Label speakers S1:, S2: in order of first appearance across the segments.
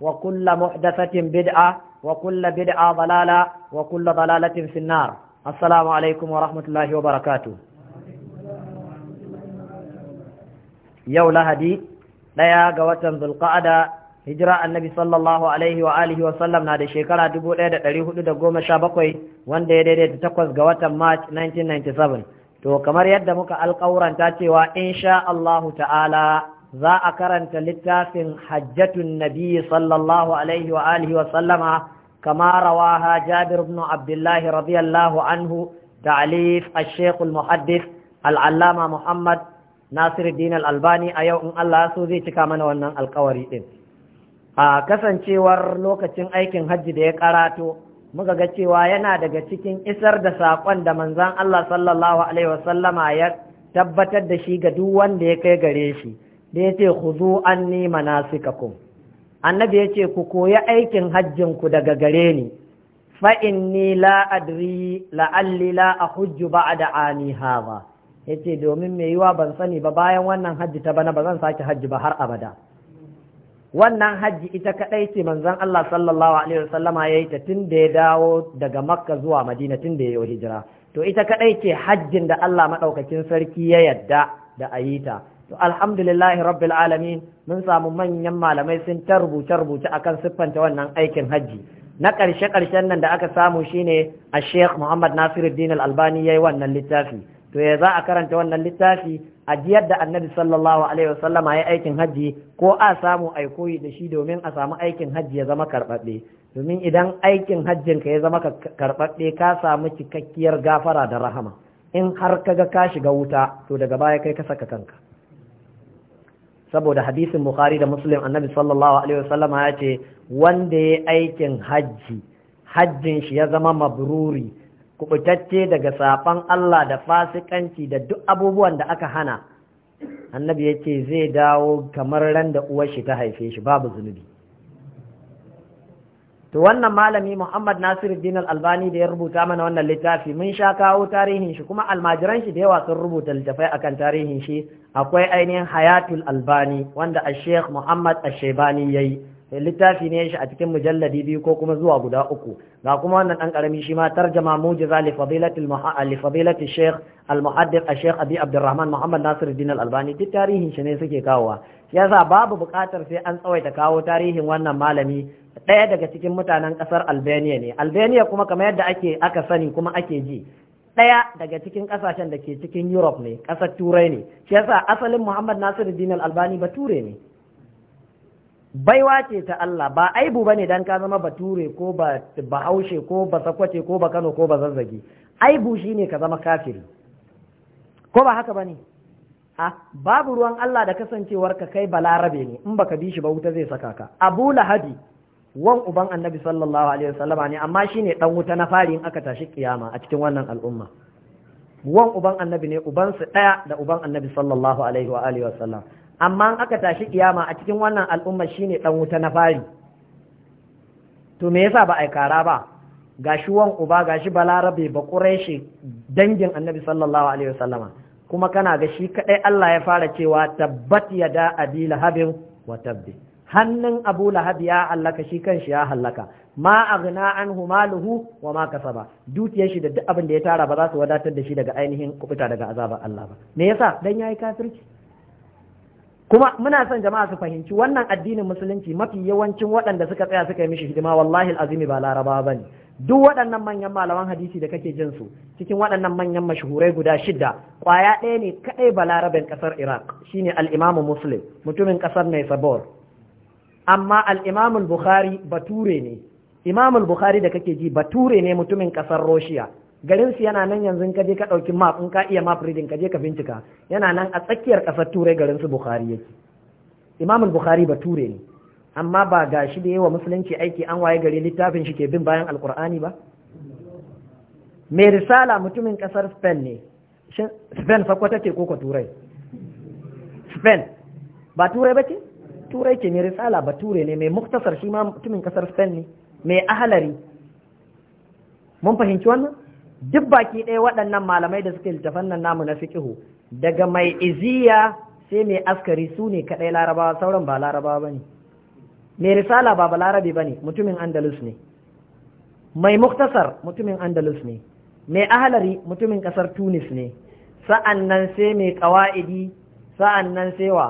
S1: وكل محدثة بدعة وكل بدعة ضلالة وكل ضلالة في النار السلام عليكم ورحمة الله وبركاته يو لهدي ليا قوة ذو القعدة هجرة النبي صلى الله عليه وآله وسلم نادي شكرا دبو ليدة تريه لدى قوم شابقوي وان دي دي دي تتقوز قوة مارش 1997 to kamar yadda muka alƙauranta cewa insha Allahu ta'ala za a karanta littafin hajjatun Nabiyyu sallallahu alaihi wa alihi wa sallama kama rawaha jabir ibn abdullahi radiyallahu anhu ta'alif ash-shaykh al-muhaddith al-allama muhammad nasiruddin al-albani a yau in Allah so zai cika mana wannan alkawari din a kasancewar lokacin aikin hajji da ya karato muka ga cewa yana daga cikin isar da saƙon da manzan Allah sallallahu alaihi ya tabbatar da shi ga duk wanda ya kai gare shi da yace khuzu anni manasikakum annabi yace ku koyi aikin hajjin ku daga gare ni fa inni la adri la'alli la ahujju ba'da ami hadha yace domin me yiwa ban sani ba bayan wannan hajji ta bana ba zan sake hajji ba har abada wannan hajji ita kadai ce manzon Allah sallallahu alaihi wasallama yayi ta tun da ya dawo daga Makka zuwa Madina tun da yayi hijira to ita kadai ce hajjin da Allah madaukakin sarki ya yadda da a yi ta. to alhamdulillah rabbil alamin mun samu manyan malamai sun ta rubuce rubuce akan siffanta wannan aikin hajji na ƙarshe karshen nan da aka samu shine a sheikh muhammad nasiruddin albani yayi wannan littafi to ya za a karanta wannan littafi a jiyar da annabi sallallahu alaihi wasallama ya aikin hajji ko a samu ai koyi da shi domin a samu aikin hajji ya zama karɓaɓɓe domin idan aikin hajjin ka ya zama karɓaɓɓe ka samu cikakkiyar gafara da rahama in har kaga ka shiga wuta to daga baya kai ka saka kanka saboda hadisin bukhari da muslim annabi sallallahu alaihi wasallama ya ce wanda ya aikin hajji hajjin shi ya zama mabruri kubutacce daga safan Allah da fasikanci da duk abubuwan da aka hana annabi ya ce zai dawo kamar ran da uwar shi ta haife shi babu zunubi to wannan malami Muhammad Nasiruddin Al-Albani da ya rubuta mana wannan littafi mun sha kawo tarihin shi kuma almajiran shi da yawa sun rubuta littafai akan tarihin shi akwai ainihin hayatul albani wanda a sheikh muhammad ashebani ya yi littafi ne shi a cikin mujalladi biyu ko kuma zuwa guda uku ga kuma wannan dan karami shi ma tarjama mujiza li fadilatil li fadilatil sheikh al muhaddith al sheikh abi abdurrahman muhammad nasir al albani duk tarihin shi ne suke kawowa yasa babu buƙatar sai an tsawaita kawo tarihin wannan malami ɗaya daga cikin mutanen ƙasar albania ne albania kuma kamar yadda ake aka sani kuma ake ji ɗaya daga cikin ƙasashen da ke cikin Europe ne ƙasar Turai ne shi yasa asalin Muhammad Nasiru Dina Albani bature ne baiwa ce ta Allah ba aibu bane dan ka zama bature ko ba bahaushe ko ba sakwace ko ba Kano ko ba zazzagi aibu shi ne ka zama kafiri ko ba haka ne? Ha, babu ruwan Allah da kasancewar ka kai balarabe ne in baka bi shi ba wuta zai saka ka Abu lahadi wan uban annabi sallallahu alaihi wasallam ne amma shine dan wuta na fari in aka tashi kiyama a cikin wannan al'umma wan uban annabi ne uban su daya da uban annabi sallallahu alaihi wa alihi wasallam amma in aka tashi kiyama a cikin wannan al'umma shine dan wuta na fari to me yasa ba ai kara ba gashi wan uba gashi balarabe ba quraishi dangin annabi sallallahu alaihi wasallama kuma kana ga shi kadai Allah ya fara cewa tabbat yada abil habin wa tabbi hannun abu lahab ya hallaka shi kanshi ya hallaka ma aghna anhu maluhu wa ma kasaba dukiyar shi da duk abin da ya tara ba za su wadatar da shi daga ainihin kubuta daga azabar Allah ba me yasa dan yayi kafirci kuma muna son jama'a su fahimci wannan addinin musulunci mafi yawancin waɗanda suka tsaya suka yi mishi hidima wallahi azimi ba laraba bane duk waɗannan manyan malaman hadisi da kake jin su cikin waɗannan manyan mashahurai guda shida kwaya ɗaya ne kaɗai balarabin ƙasar iraq shine al-imamu muslim mutumin ƙasar naisabor amma al-imam al-bukhari bature ne imam bukhari da kake ji bature ne mutumin kasar roshiya garinsu yana nan yanzu ka je ka dauki map in ka iya map reading ka je ka bincika yana nan a tsakiyar kasar turai garinsu su bukhari yake imam al-bukhari bature ne amma ba ga shi da yawa musulunci aiki an waye gari littafin shi ke bin bayan alkur'ani ba mai risala mutumin kasar spain ne spain fa sakwata ke koko turai spain ba turai ba ce turai ke mai risala ba ture ne mai muktasar shi ma mutumin kasar spain ne mai ahalari mun fahimci wannan duk baki ɗaya waɗannan malamai da suke littafan nan namu na fiqihu daga mai iziya sai mai askari su ne kaɗai larabawa sauran ba larabawa ba ne mai risala ba balarabe ba ne mutumin andalus ne mai muktasar mutumin andalus ne mai ahalari mutumin ƙasar tunis ne sa'an nan sai mai ƙawa'idi sa'an nan sai wa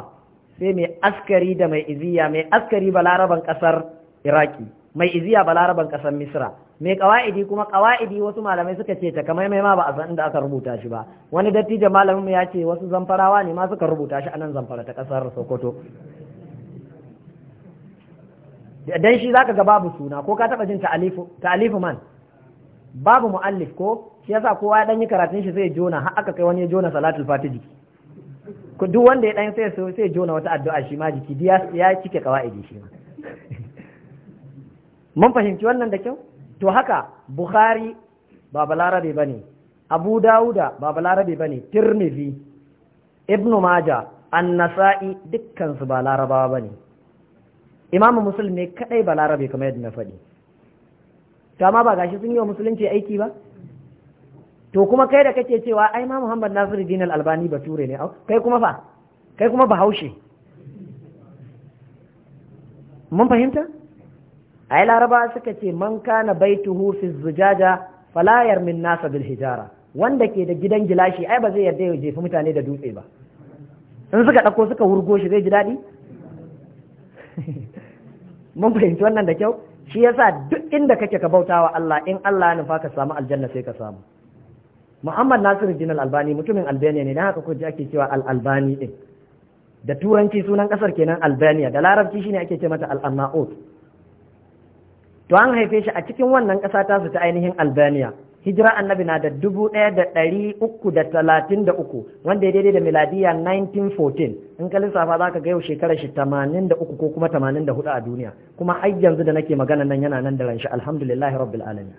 S1: sai mai askari da mai iziya mai askari balaraban kasar iraki mai iziya balaraban kasar misra mai kawa'idi kuma kawa'idi wasu malamai suka ce ta kamar mai ma ba a san inda aka rubuta shi ba wani dattijo malamin ya ce wasu zamfarawa ne ma suka rubuta shi a nan zamfara ta kasar sokoto dan shi zaka ga babu suna ko ka taba jin ta'alifu ta'alifu man babu muallif ko shi yasa kowa ya dan yi karatun shi zai jona har aka kai wani ya jona salatul fatihi ku duk wanda ya ɗan sai so sai jona wata addu'a shi ma jiki ya cike kawaidi shi ma mun fahimci wannan da kyau to haka bukhari ba balarabe bane abu dauda ba balarabe bane tirmidhi ibnu maja an-nasa'i dukkan su ba larabawa bane imamu muslim ne kadai ba kamar yadda na faɗi to amma ba gashi sun yi wa musulunci aiki ba to kuma kai da kake cewa ai ma Muhammad Nasiru al Albani bature ne kai kuma fa kai kuma bahaushe mun fahimta ai laraba suka ce man kana baituhu fi zujaja fala yarmin nasa bil hijara wanda ke da gidan gilashi ai ba zai yarda ya jefi mutane da dutse ba in suka dauko suka wurgo shi zai ji dadi mun fahimci wannan da kyau shi yasa duk inda kake ka bautawa Allah in Allah ya nufa ka samu aljanna sai ka samu Muhammad nasiru Al-Albani mutumin Albania ne dan haka ko ake cewa Al-Albani din da turanci sunan kasar kenan Albania da larabci shine ake ce mata Al-Annaut to an haife shi a cikin wannan kasa ta su ta ainihin Albania hijira annabi na da dubu ɗaya da ɗari uku da talatin da uku wanda ya daidai da miladiya 1914 in ka lissafa za ka ga yau shekarar shi tamanin da uku ko kuma tamanin da hudu a duniya kuma har yanzu da nake magana nan yana nan da ranshi alhamdulillahi rabbil alamin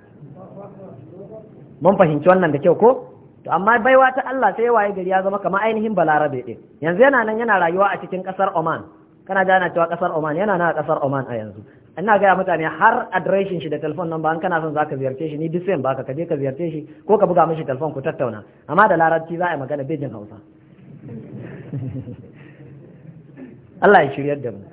S1: mun fahimci wannan da kyau ko to amma baiwa ta Allah sai waye gari ya zama kamar ainihin balarabe din yanzu yana nan yana rayuwa a cikin kasar Oman kana da ana cewa kasar Oman yana nan a kasar Oman a yanzu ina gaya mutane har adireshin shi da telefon number an kana son zaka ziyarce shi ni duk sai baka kaje ka ziyarce shi ko ka buga mishi telefon ku tattauna amma da larabci za a yi magana bejin Hausa Allah ya shiryar da mu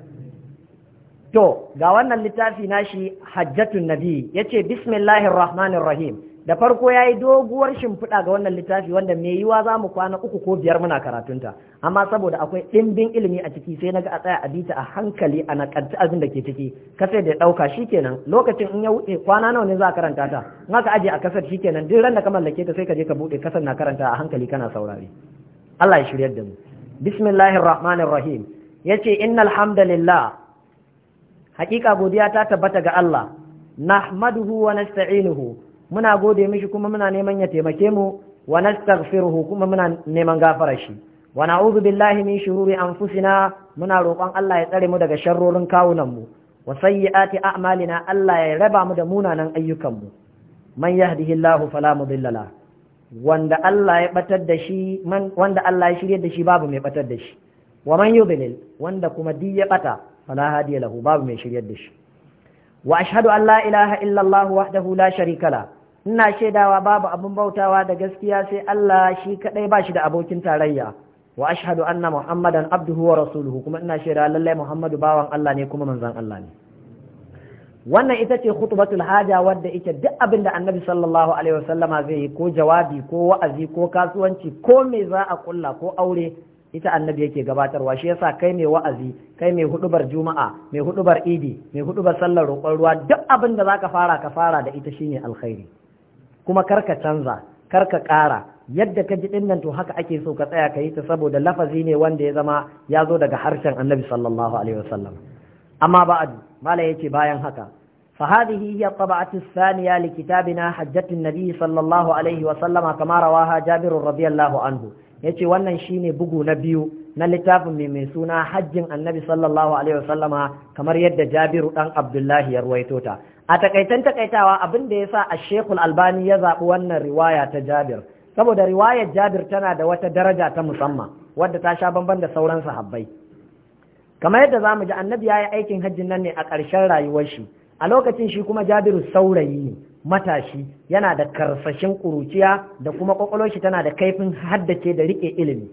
S1: to ga wannan littafi nashi hajjatun nabi yace bismillahir rahmanir rahim da farko ya yi doguwar shimfiɗa ga wannan littafi wanda mai yiwa za mu kwana uku ko biyar muna karatunta amma saboda akwai ɗimbin ilimi a ciki sai naga a tsaya a bita a hankali a nakanci abin da ke ciki kasar da ɗauka shi kenan lokacin in ya wuce kwana nawa ne za a karanta ta in aka ajiye a kasar kenan duk ran da ka mallake ta sai ka je ka buɗe kasar na karanta a hankali kana saurare Allah ya shiryar da mu bismillahir rahmanir rahim yace innal hamdalillah hakika godiya ta tabbata ga Allah nahmaduhu wa nasta'inuhu muna gode mishi kuma muna neman ya taimake mu wa nastaghfiruhu kuma muna neman gafara shi wa na'udhu billahi min shururi anfusina muna roƙon Allah ya tsare mu daga sharrorin kawunan mu wa sayyiati a'malina Allah ya raba mu da munanan ayyukan mu man yahdihillahu fala mudilla la wanda Allah ya batar da shi wanda Allah ya shirye da shi babu mai batar da shi wa man yudlil wanda kuma di ya bata fala hadiya lahu babu mai shiryar da shi wa ashhadu an la ilaha illa Allah wahdahu la sharika lahu ina shaidawa babu abin bautawa da gaskiya sai Allah shi kadai ba shi da abokin tarayya wa ashhadu anna muhammadan abduhu wa rasuluhu kuma ina shaidawa lallai muhammadu bawan Allah ne kuma manzon Allah ne wannan ita ce khutbatul haja wadda ita duk abin da annabi sallallahu alaihi wasallama zai yi ko jawabi ko wa'azi ko kasuwanci ko me za a kulla ko aure ita annabi yake gabatarwa shi yasa kai mai wa'azi kai mai hudubar juma'a mai hudubar idi mai hudubar sallar roƙon ruwa duk abin da zaka fara ka fara da ita shine alkhairi kuma karka canza karka ƙara yadda ka ji dinnan to haka ake so ka tsaya ka yi ta saboda lafazi ne wanda ya zama ya zo daga harshen annabi sallallahu alaihi wasallam amma ba'adu mala yace bayan haka فهذه هي الطبعة الثانية لكتابنا حجة النبي صلى الله عليه وسلم كما رواها جابر رضي الله عنه يتي wannan shine bugu na biyu na littafin mai mai suna hajjin annabi sallallahu alaihi wasallama kamar yadda jabiru dan abdullahi ya ruwaito ta a takaitan takaitawa abin da yasa a shekul albani ya zaɓi wannan riwaya ta jabir saboda riwayar jabir tana da wata daraja ta musamman wadda ta sha bamban da sauran sahabbai kamar yadda za mu ji annabi ya yi aikin hajjin nan ne a ƙarshen rayuwar shi a lokacin shi kuma jabiru saurayi ne matashi yana da karsashin ƙuruciya da kuma ƙwaƙwalwar shi tana da kaifin haddace da riƙe ilimi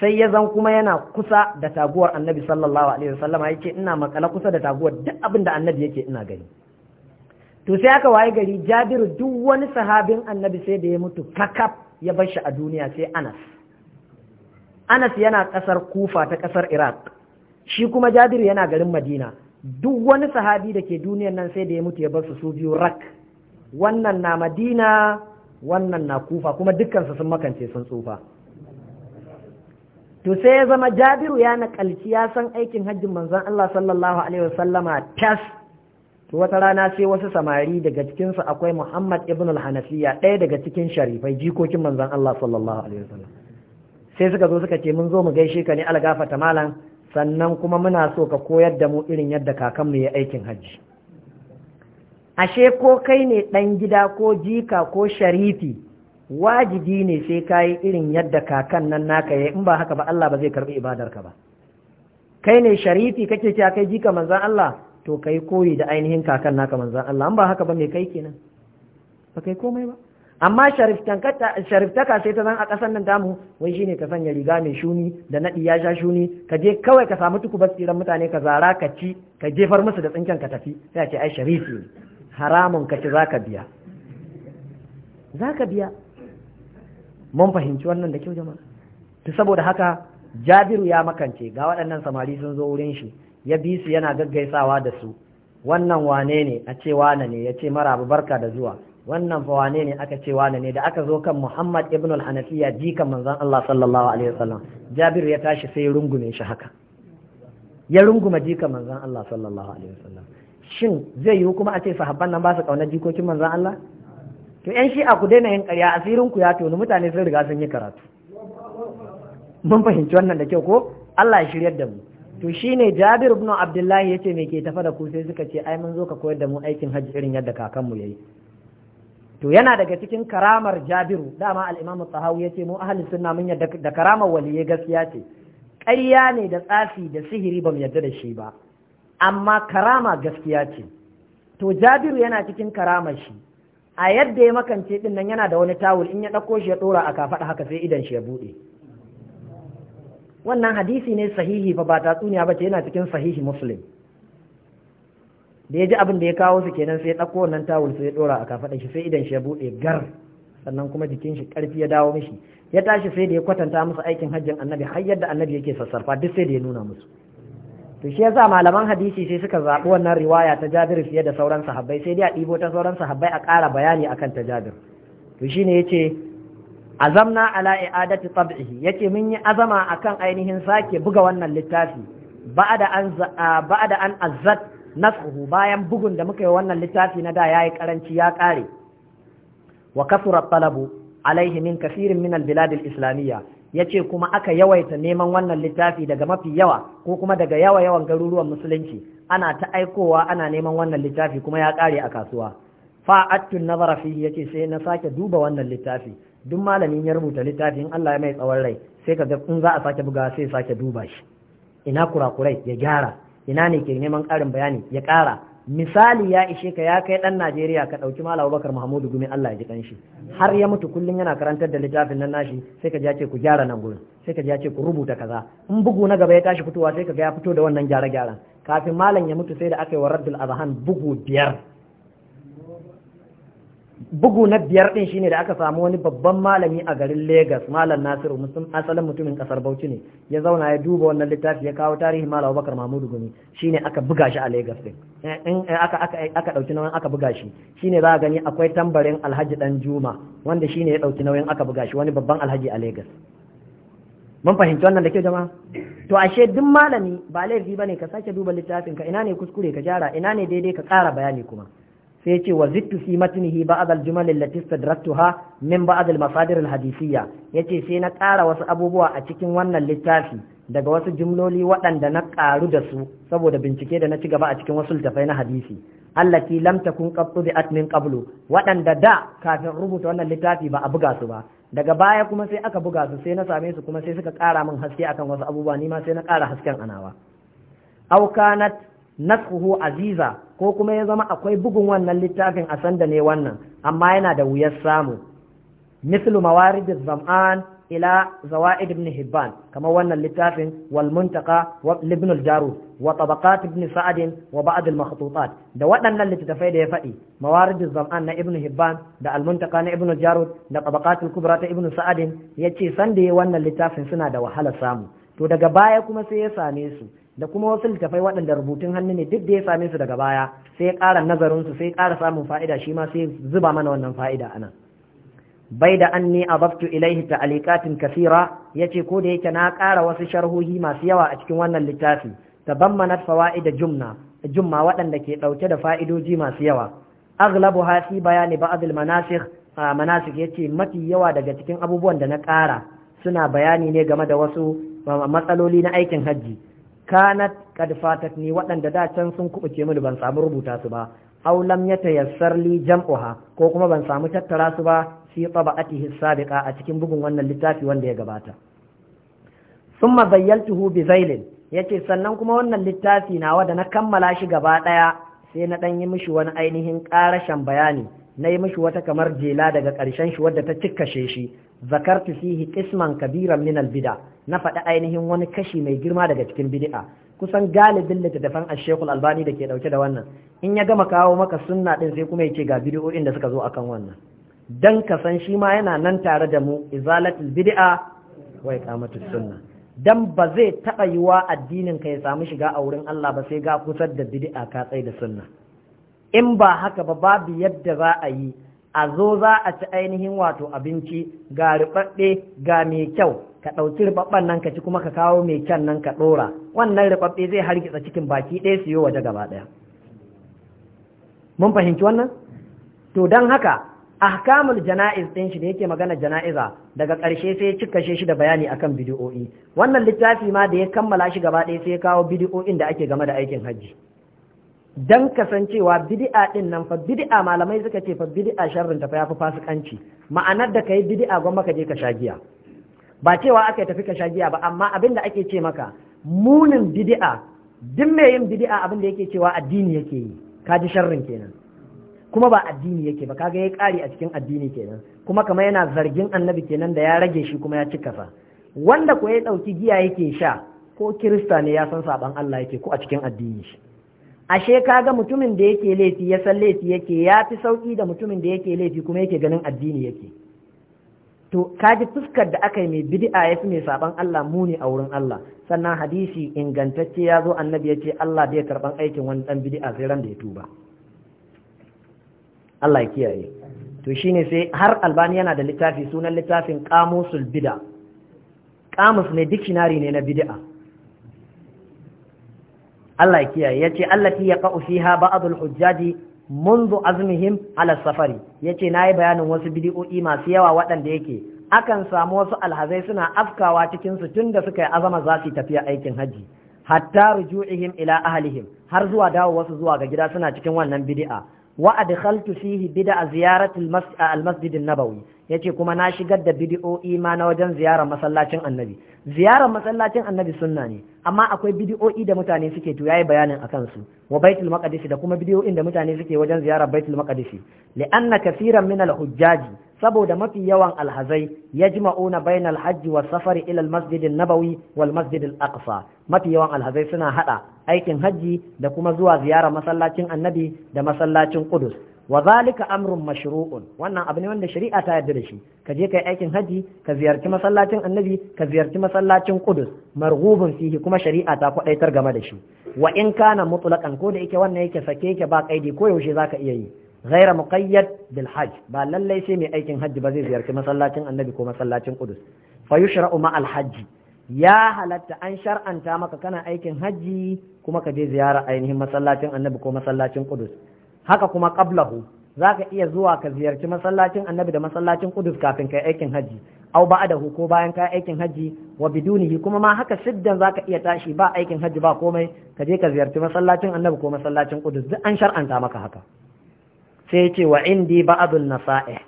S1: sai ya zan kuma yana kusa da taguwar annabi sallallahu alaihi wasallam ya ce ina makala kusa da taguwar duk abin da annabi yake ina gani to sai aka waye gari jabiru duk wani sahabin annabi sai da ya mutu kakaf ya bar shi a duniya sai anas anas yana kasar kufa ta kasar iraq shi kuma jabiru yana garin madina duk wani sahabi da ke duniyan nan sai da ya mutu ya bar su su biyu rak wannan na madina wannan na kufa kuma dukkansu sun makance sun tsufa to sai ya zama jabiru ya nakalci ya san aikin hajjin manzon Allah sallallahu alaihi wasallama tas to wata rana sai wasu samari daga cikinsu akwai Muhammad ibn al-Hanafiya ɗaya daga cikin sharifai jikokin manzon Allah sallallahu alaihi wasallam sai suka zo suka ce mun zo mu gaishe ka ne ta malam sannan kuma muna so ka koyar da mu irin yadda kakanmu ya aikin hajji ashe ko kai ne ɗan gida ko jika ko sharifi wajibi ne sai ka yi irin yadda kakan nan naka ya in ba haka ba Allah ba zai karbi ibadarka ba kai ne sharifi kake cewa kai jika manzan Allah to kai koyi da ainihin kakan naka manzan Allah in ba haka ba me kai kenan ba kai komai ba amma shariftaka sai ta zan a ƙasar nan damu wai shine ka sanya riga mai shuni da naɗi ya sha shuni ka je kawai ka samu tukubar tsiran mutane ka zara ka ci ka jefar musu da tsinken ka tafi sai a ce ai sharifi haramun ka ci ka biya Za ka biya mun fahimci wannan da kyau jama'a to saboda haka jabiru ya makance ga waɗannan samari sun zo wurin shi ya bi su yana gaggaisawa da su wannan wane ne a ce wane ne ya ce marabu barka da zuwa wannan fa wane ne aka ce wane ne da aka zo kan Muhammad ibn al-Hanafiya jikan manzon Allah sallallahu alaihi wasallam jabiru ya tashi sai ya rungume shi haka ya runguma jikan manzon Allah sallallahu alaihi wasallam shin zai yiwu kuma a ce sahabban nan ba su kauna jikokin manzon Allah to yan shi'a ku daina yin ƙarya asirin ku ya tonu mutane sun riga sun yi karatu mun fahimci wannan da kyau ko Allah ya shiryar da mu to Jabiru Jabir Abdullahi ya ce me ke tafa da ku sai suka ce ai mun zo ka koyar da mu aikin hajji irin yadda kakanmu yayi to yana daga cikin karamar Jabiru dama al-Imam ya ce mu ahli sunna mun yadda da karamar ya gaskiya ce ƙarya ne da tsafi da sihiri bamu mu yadda da shi ba amma karama gaskiya ce to Jabiru yana cikin karamar shi a yadda ya makance din nan yana da wani tawul in ya ɗauko shi ya ɗora a kafaɗa haka sai idan shi ya buɗe wannan hadisi ne sahihi fa ba tatsuniya ba ce yana cikin sahihi muslim da ya ji abin da ya kawo su kenan sai ya ɗauko wannan tawul sai ya ɗora a kafaɗa shi sai idan shi ya buɗe gar sannan kuma jikin shi ƙarfi ya dawo mishi ya tashi sai da ya kwatanta musu aikin hajjin annabi har yadda annabi yake sassarfa duk sai da ya nuna musu to shi yasa malaman hadisi sai suka zaɓi wannan riwaya ta Jabir fiye da sauran sahabbai sai dai a ɗibo ta sauran sahabbai a ƙara bayani akan ta Jabir to shine yace azamna ala i'adati tab'ihi yace mun yi azama akan ainihin sake buga wannan littafi ba'da an ba'da an azzat nasuhu bayan bugun da muka yi wannan littafi na da yayi karanci ya kare wa kasura talabu alaihi min kafirin min al-bilad islamiyya ya ce kuma aka yawaita neman wannan littafi daga mafi yawa ko kuma daga yawa yawan garuruwan musulunci ana ta aikowa ana neman wannan littafi kuma ya kare a kasuwa fa'attun nazara fihi ya ce sai na sake duba wannan littafi duk malamin ya rubuta littafi in Allah ya mai tsawon rai sai ka ga in za a sake buga sai sake duba shi ina kurakurai ya gyara ina ne ke neman ƙarin bayani ya ƙara misali ya ishe ka ya kai dan Najeriya ka dauki Malam Abubakar Muhammadu Gumi Allah ya ji kanshi har ya mutu kullun yana karantar da littafin nan nashi sai ka ji ce ku gyara nan gurin sai ka ji ce ku rubuta kaza in bugu na gaba ya tashi fitowa sai ka ga ya fito da wannan gyara gyaran kafin malam ya mutu sai da aka yi wa Raddul Azhan bugu biyar bugu na biyar din shine da aka samu wani babban malami a garin Lagos malam Nasiru asalin mutumin kasar Bauchi ne ya zauna ya duba wannan littafi ya kawo tarihi malam Abubakar Muhammadu Gumi shine aka buga shi a Lagos din in aka ɗauki nauyin aka buga shi shine za a gani akwai tambarin alhaji dan juma wanda ne ya ɗauki nauyin aka buga shi wani babban alhaji a Legas. mun fahimci wannan da ke jama'a to ashe duk malami ba laifi ba ne ka sake duba littafin ka ina ne kuskure ka jara, ina ne daidai ka ƙara bayani kuma sai ce wa zittu fi matnihi ba'd al-jumal allati istadraktuha min ba'd al-masadir al-hadisiyya yace sai na ƙara wasu abubuwa a cikin wannan littafi daga wasu jimloli waɗanda na ƙaru da su saboda bincike da na ci gaba a cikin wasu littafai na hadisi allati lam takun qattu bi atmin qablu waɗanda da kafin rubuta wannan littafi ba a buga su ba daga baya kuma sai aka buga su sai na same su kuma sai suka ƙara min haske akan wasu abubuwa ni ma sai na ƙara hasken anawa aw kanat nasuhu aziza ko kuma ya zama akwai bugun wannan littafin a sanda ne wannan amma yana da wuyar samu mislu mawaridiz zam'an ila zawaid ibn hibban kamar wannan littafin wal muntaka wa ibn al jarud wa tabaqat ibn sa'd wa ba'd al makhtutat da waɗannan littafai da ya faɗi mawarid zam'an na ibn hibban da al muntaka na ibn al jarud da tabaqat al kubra ta ibn sa'd yace san da wannan littafin suna da wahala samu to daga baya kuma sai ya same su da kuma wasu littafai waɗanda rubutun hannu ne duk da ya same su daga baya sai ya ƙara nazarinsu sai ya ƙara samun fa'ida shi ma sai zuba mana wannan fa'ida anan. bai da ni abaftu ilaihi ta'aliqatin kasira yace ko da yake na ƙara wasu sharhohi masu yawa a cikin wannan littafi tabammanat fawaid jumna jumma waɗanda ke ɗauke da fa'idoji masu yawa aglabu hasi bayani ba'd al manasikh ya yace mafi yawa daga cikin abubuwan da na ƙara suna bayani ne game da wasu matsaloli na aikin hajji kanat kad fatatni waɗanda da can sun kubuce mini ban samu rubuta su ba aw lam yatayassar li jam'uha ko kuma ban samu tattara su ba fi tabaqatihi sabiqa a cikin bugun wannan littafi wanda ya gabata summa bayyaltuhu bi zailin yace sannan kuma wannan littafi nawa da na kammala shi gaba daya sai na dan yi mishi wani ainihin karashan bayani na yi mishi wata kamar jela daga ƙarshen shi wadda ta cika shi zakartu fihi qisman kabiran min albida na faɗi ainihin wani kashi mai girma daga cikin bid'a kusan galibin littattafan al-Sheikh al-albani da ke dauke da wannan in ya gama kawo maka sunna din sai kuma ya ce ga bid'o'in da suka zo akan wannan dan ka san shi ma yana nan tare da mu izalatul bid'a wa iqamatus sunna dan ba zai taba yiwa addinin ka ya samu shiga a wurin Allah ba sai ga kusar da bid'a ka tsai da sunna in ba haka ba babu yadda za a yi a zo za a ci ainihin wato abinci ga rubabbe ga mai kyau ka ɗauki ribabban nan ka ci kuma ka kawo mai kyau nan ka ɗora wannan ribabbe zai hargitsa cikin baki ɗaya su yi waje gaba ɗaya mun fahimci wannan to don haka ahkamul jana'iz din shi da yake magana jana'iza daga ƙarshe sai ya cika shi da bayani akan bidi'o'i wannan littafi ma da ya kammala shi gaba ɗaya sai ya kawo bidi'o'in da ake game da aikin hajji dan kasancewa bid'a din nan fa bid'a malamai suka ce fa bid'a sharrin ta fa yafi fasikanci ma'anar da kai bid'a gwamma ka je ka sha giya ba cewa aka tafi ka sha giya ba amma abin da ake ce maka munin bid'a duk mai yin bid'a abin da yake cewa addini yake yi ka ji sharrin kenan kuma ba addini yake ba kaga ya kare a cikin addini kenan kuma kamar yana zargin annabi kenan da ya rage shi kuma ya ci kafa wanda ko ya dauki giya yake sha ko kirista ne ya san saban Allah yake ko a cikin addini shi ashe kaga mutumin da yake laifi ya san laifi yake ya fi sauki da mutumin da yake laifi kuma yake ganin addini yake to kaji fuskar da aka yi mai bid'a ya fi mai saban Allah muni a wurin Allah sannan hadisi ingantacce ya zo annabi ya ce Allah bai karban aikin wani dan bid'a sai ran da ya tuba Allah ya kiyaye to shine sai har albani yana da littafi sunan littafin qamusul bid'a qamus ne dictionary ne na bid'a Allah ya kiyaye yace allati yaqa'u fiha ba'd hujjaji منذ azmihim ala safari yace nayi bayanin wasu bid'o'i masu yawa waɗanda yake akan samu wasu alhazai suna afkawa cikin su tunda suka yi azama za su tafiya aikin haji hatta ruju'ihim ila ahlihim har zuwa dawo wasu zuwa ga gida suna cikin wannan bid'a wa adkhaltu fihi bid'a a al almasjidin nabawi yace kuma na shigar da bidi'o'i ma na wajen ziyarar masallacin annabi ziyarar masallacin annabi sunna ne amma akwai bidi'o'i da mutane suke to yayi bayanin akan su wa baitul maqdis da kuma bid'o'in da mutane suke wajen ziyarar baitul maqdis li'anna kaseeran min al-hujjaji saboda mafi yawan alhazai ya jima'una bainal hajji wa safari ilal masjidin nabawi wal masjidin aqsa mafi yawan alhazai suna hada aikin hajji da kuma zuwa ziyara masallacin annabi da masallacin ƙudus. wa zalika amrun mashru'un wannan abu ne wanda shari'a ta yarda da shi ka je kai aikin hajji ka ziyarci masallacin annabi ka ziyarci masallacin ƙudus. marghubun fihi kuma shari'a ta kwadaitar game da shi wa in kana mutlaqan ko da yake wannan yake sake yake ba kaidi ko yaushe zaka iya yi ghaira muqayyad bil hajj ba lallai sai mai aikin hajji ba zai ziyarci masallacin annabi ko masallacin qudus fa yushra'u ma al ya halatta an shar'anta maka kana aikin hajji kuma ka je ziyara ainihin masallacin annabi ko masallacin qudus haka kuma qablahu zaka iya zuwa ka ziyarci masallacin annabi da masallacin qudus kafin kai aikin hajji aw ba'dahu ko bayan kai aikin hajji wa bidunihi kuma ma haka siddan zaka iya tashi ba aikin hajji ba komai ka je ka ziyarci masallacin annabi ko masallacin qudus duk an shar'anta maka haka sai ce wa indi ba'adul nasaih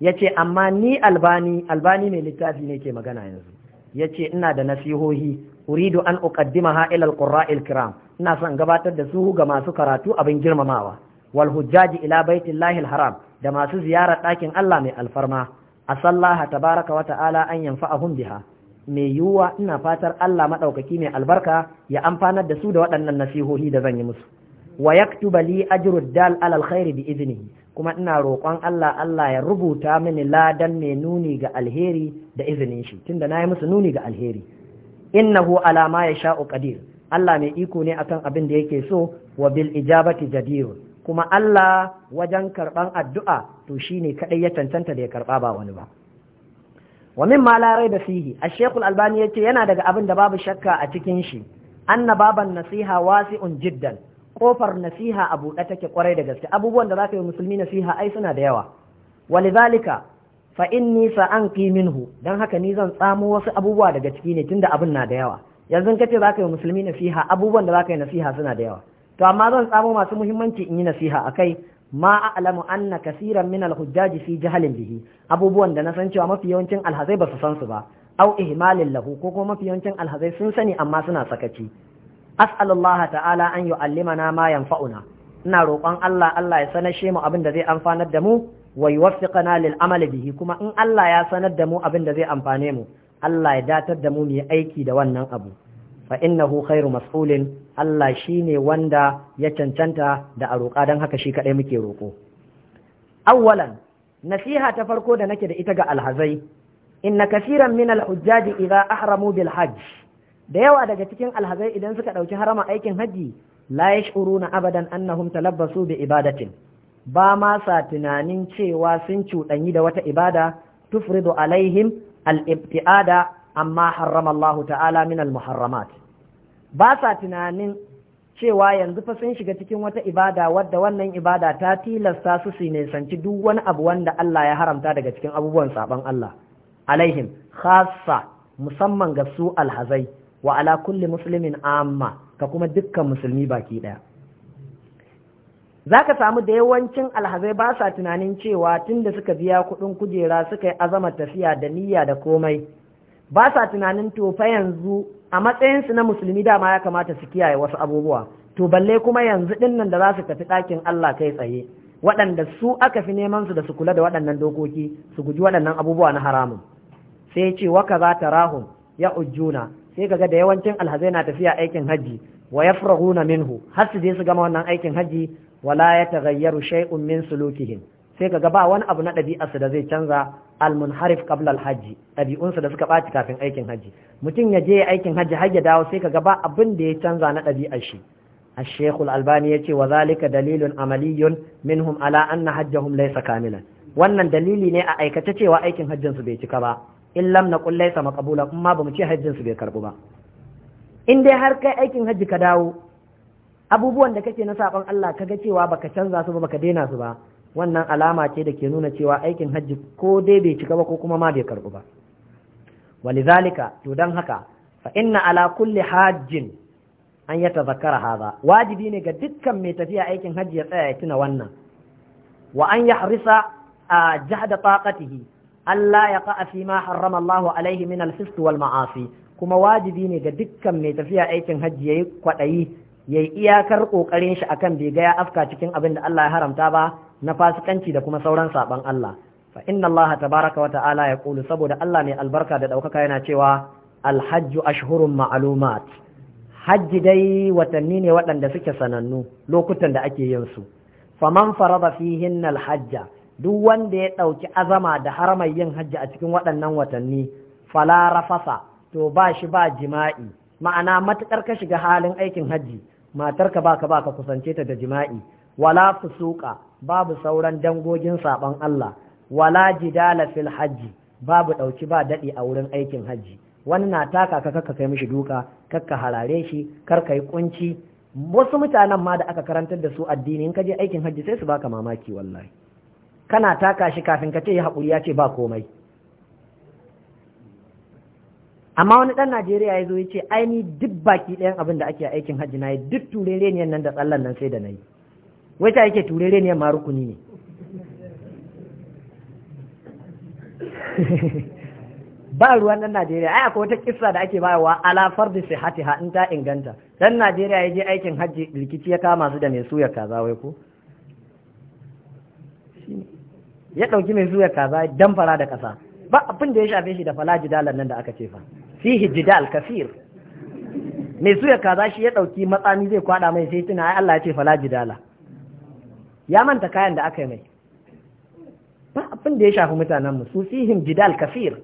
S1: ya ce amma ni albani albani mai littafi ne ke magana yanzu ya ce ina da nasihohi uridu an uƙaddima ha ila alqurra'il kiram ina son gabatar da su ga masu karatu abin girmamawa wal hujjaji ila baitillahi haram da masu ziyarar ɗakin Allah mai alfarma asallaha tabaraka wa ta'ala an yanfa'ahum biha mai yiwuwa ina fatar Allah maɗaukaki mai albarka ya amfanar da su da waɗannan nasihohi da zan yi musu wa yaktuba li ajrud dal alal khairi bi izini. kuma ina roƙon Allah Allah ya rubuta mini ladan mai nuni ga alheri da izinin shi tunda nayi musu nuni ga alheri innahu ala ma yasha'u qadir Allah mai iko ne akan abin da yake so wa bil ijabati jadir kuma Allah wajen karban addu'a to shine kadai ya cancanta da ya karba ba wani ba wa min ma la rayba fihi ash-shaykh albani yace yana daga abin da babu shakka a cikin shi anna baban nasiha wasi'un jiddan kofar nasiha a buɗe take kwarai da gaske abubuwan da za ka yi musulmi nasiha ai suna da yawa walidhalika fa inni sa ki minhu dan haka ni zan tsamo wasu abubuwa daga ciki ne tunda abin na da yawa yanzu kace ka yi musulmi nasiha abubuwan da ka yi nasiha suna da yawa to amma zan tsamo masu muhimmanci in yi nasiha akai ma a'lamu anna kaseeran min al-hujjaj fi jihalin bihi abubuwan da na san cewa mafi yawancin alhazai ba su san su ba au ihmalin lahu ko kuma mafi yawancin alhazai sun sani amma suna sakaci as'alullaha ta'ala an yu'allimana ma yanfa'una ina roƙon Allah Allah ya sanar mu abin da zai amfanar da mu wa yuwaffiqana lil amali bihi kuma in Allah ya sanar da mu abin da zai amfane mu Allah ya datar da mu mu aiki da wannan abu fa inna hu! khairu mas'ulin Allah shine wanda ya cancanta da a roƙa don haka shi kaɗai muke roƙo awwalan nasiha ta farko da nake da ita ga alhazai inna kasiran min alhujjaji idza ahramu bil hajj da yawa daga cikin alhazai idan suka ɗauki harama aikin hajji la na abadan annahum talabbasu bi ibadatin ba ma sa tunanin cewa sun cuɗanyi da wata ibada tufridu alaihim al-ibtiada amma harrama ta'ala min al-muharramat ba sa tunanin cewa yanzu fa sun shiga cikin wata ibada wadda wannan ibada ta tilasta su su nisanci duk wani abu wanda Allah ya haramta daga cikin abubuwan saban Allah alaihim khassa musamman ga su alhazai wa ala kulli muslimin amma ka kuma dukkan musulmi baki daya zaka samu da yawancin alhazai ba sa tunanin cewa tunda suka biya kudin kujera suka yi azama tafiya da niyya da komai ba sa tunanin to fa yanzu a matsayinsu na musulmi dama ya kamata su kiyaye wasu abubuwa to balle kuma yanzu dinnan da za su tafi ɗakin Allah kai tsaye waɗanda su aka fi neman su da su kula da waɗannan dokoki su guji waɗannan abubuwa na haramun sai ya ce waka za ta rahun ya ujuna. sai kaga da yawancin alhazai na tafiya aikin hajji wa yafrahuna minhu har su je su gama wannan aikin hajji wala ya taghayyaru shay'un min sulukihim sai kaga ba wani abu na ɗabi'arsu da zai canza almunharif qabla alhaji ɗabi'unsu da suka ɓaci kafin aikin hajji mutum ya je aikin hajji har ya dawo sai kaga ba abin da ya canza na ɗabi'ar shi الشيخ الألباني يتي وذلك دليل عملي منهم على أن حجهم ليس كاملا wannan dalili ne a aikace cewa aikin hajjinsu bai cika ba in na kullai sa kabula in ma bamu ce hajjin su bai karbu ba in dai har kai aikin hajji ka dawo abubuwan da kake na saban Allah kaga cewa baka canza su ba baka daina su ba wannan alama ce da ke nuna cewa aikin hajji ko dai bai cika ba ko kuma ma bai karbu ba walizalika to dan haka fa inna ala kulli hajjin an ya tazakkara haza wajibi ne ga dukkan mai tafiya aikin hajji ya tsaya ya tuna wannan wa an ya harisa a ah, jahda taqatihi Allah ya ka'a fi ma harrama Allah alaihi min al-fisq wal ma'asi kuma wajibi ne ga dukkan mai tafiya aikin hajji ya yayi kwadayi yayi iyakar kokarin shi akan bai ga ya afka cikin abin da Allah ya haramta ba na fasikanci da kuma sauran saban Allah fa inna Allah tabaraka wa ta'ala ya kulu saboda Allah mai albarka da ɗaukaka yana cewa al-hajju ashhurun ma'lumat hajji dai watanni ne waɗanda suke sanannu lokutan da ake yin su faman farada fihin hajja duk wanda ya ɗauki azama da haramar yin hajji a cikin waɗannan watanni fala rafasa to ba shi ba jima'i ma'ana matuƙar ka shiga halin aikin hajji matarka baka baka kusance ta da jima'i wala fusuka babu sauran dangogin saɓon Allah wala jidala fil hajji babu ɗauki ba daɗi a wurin aikin hajji wani na taka ka kakka kai mishi duka kakka harare shi kar kai kunci wasu mutanen ma da aka karantar da su addini in ka je aikin hajji sai su baka mamaki wallahi kana taka shi kafin ka ce ya haƙuri ya ce ba komai amma wani ɗan najeriya ya zo ya ce ai ni duk baki ɗayan abin da ake aikin hajji na yi duk turereniyan nan da tsallan nan sai da na yi wai ta yake turereniyan ma rukuni ne ba ruwan ɗan najeriya ai akwai wata kisa da ake bayarwa ala fardi sihatiha in ta inganta ɗan najeriya ya je aikin hajji rikici ya kama su da mai suya kaza wai ko ya ɗauki mai zuwa kaza damfara da ƙasa ba abin da ya shafe shi da fala jidalan nan da aka ce fa fihi jidal kafir mai zuwa kaza shi ya ɗauki matsami zai kwaɗa mai sai tuna ai Allah ya ce fala jidala ya manta kayan da aka yi mai ba abin da ya shafi mutanen mu su fihim jidal kafir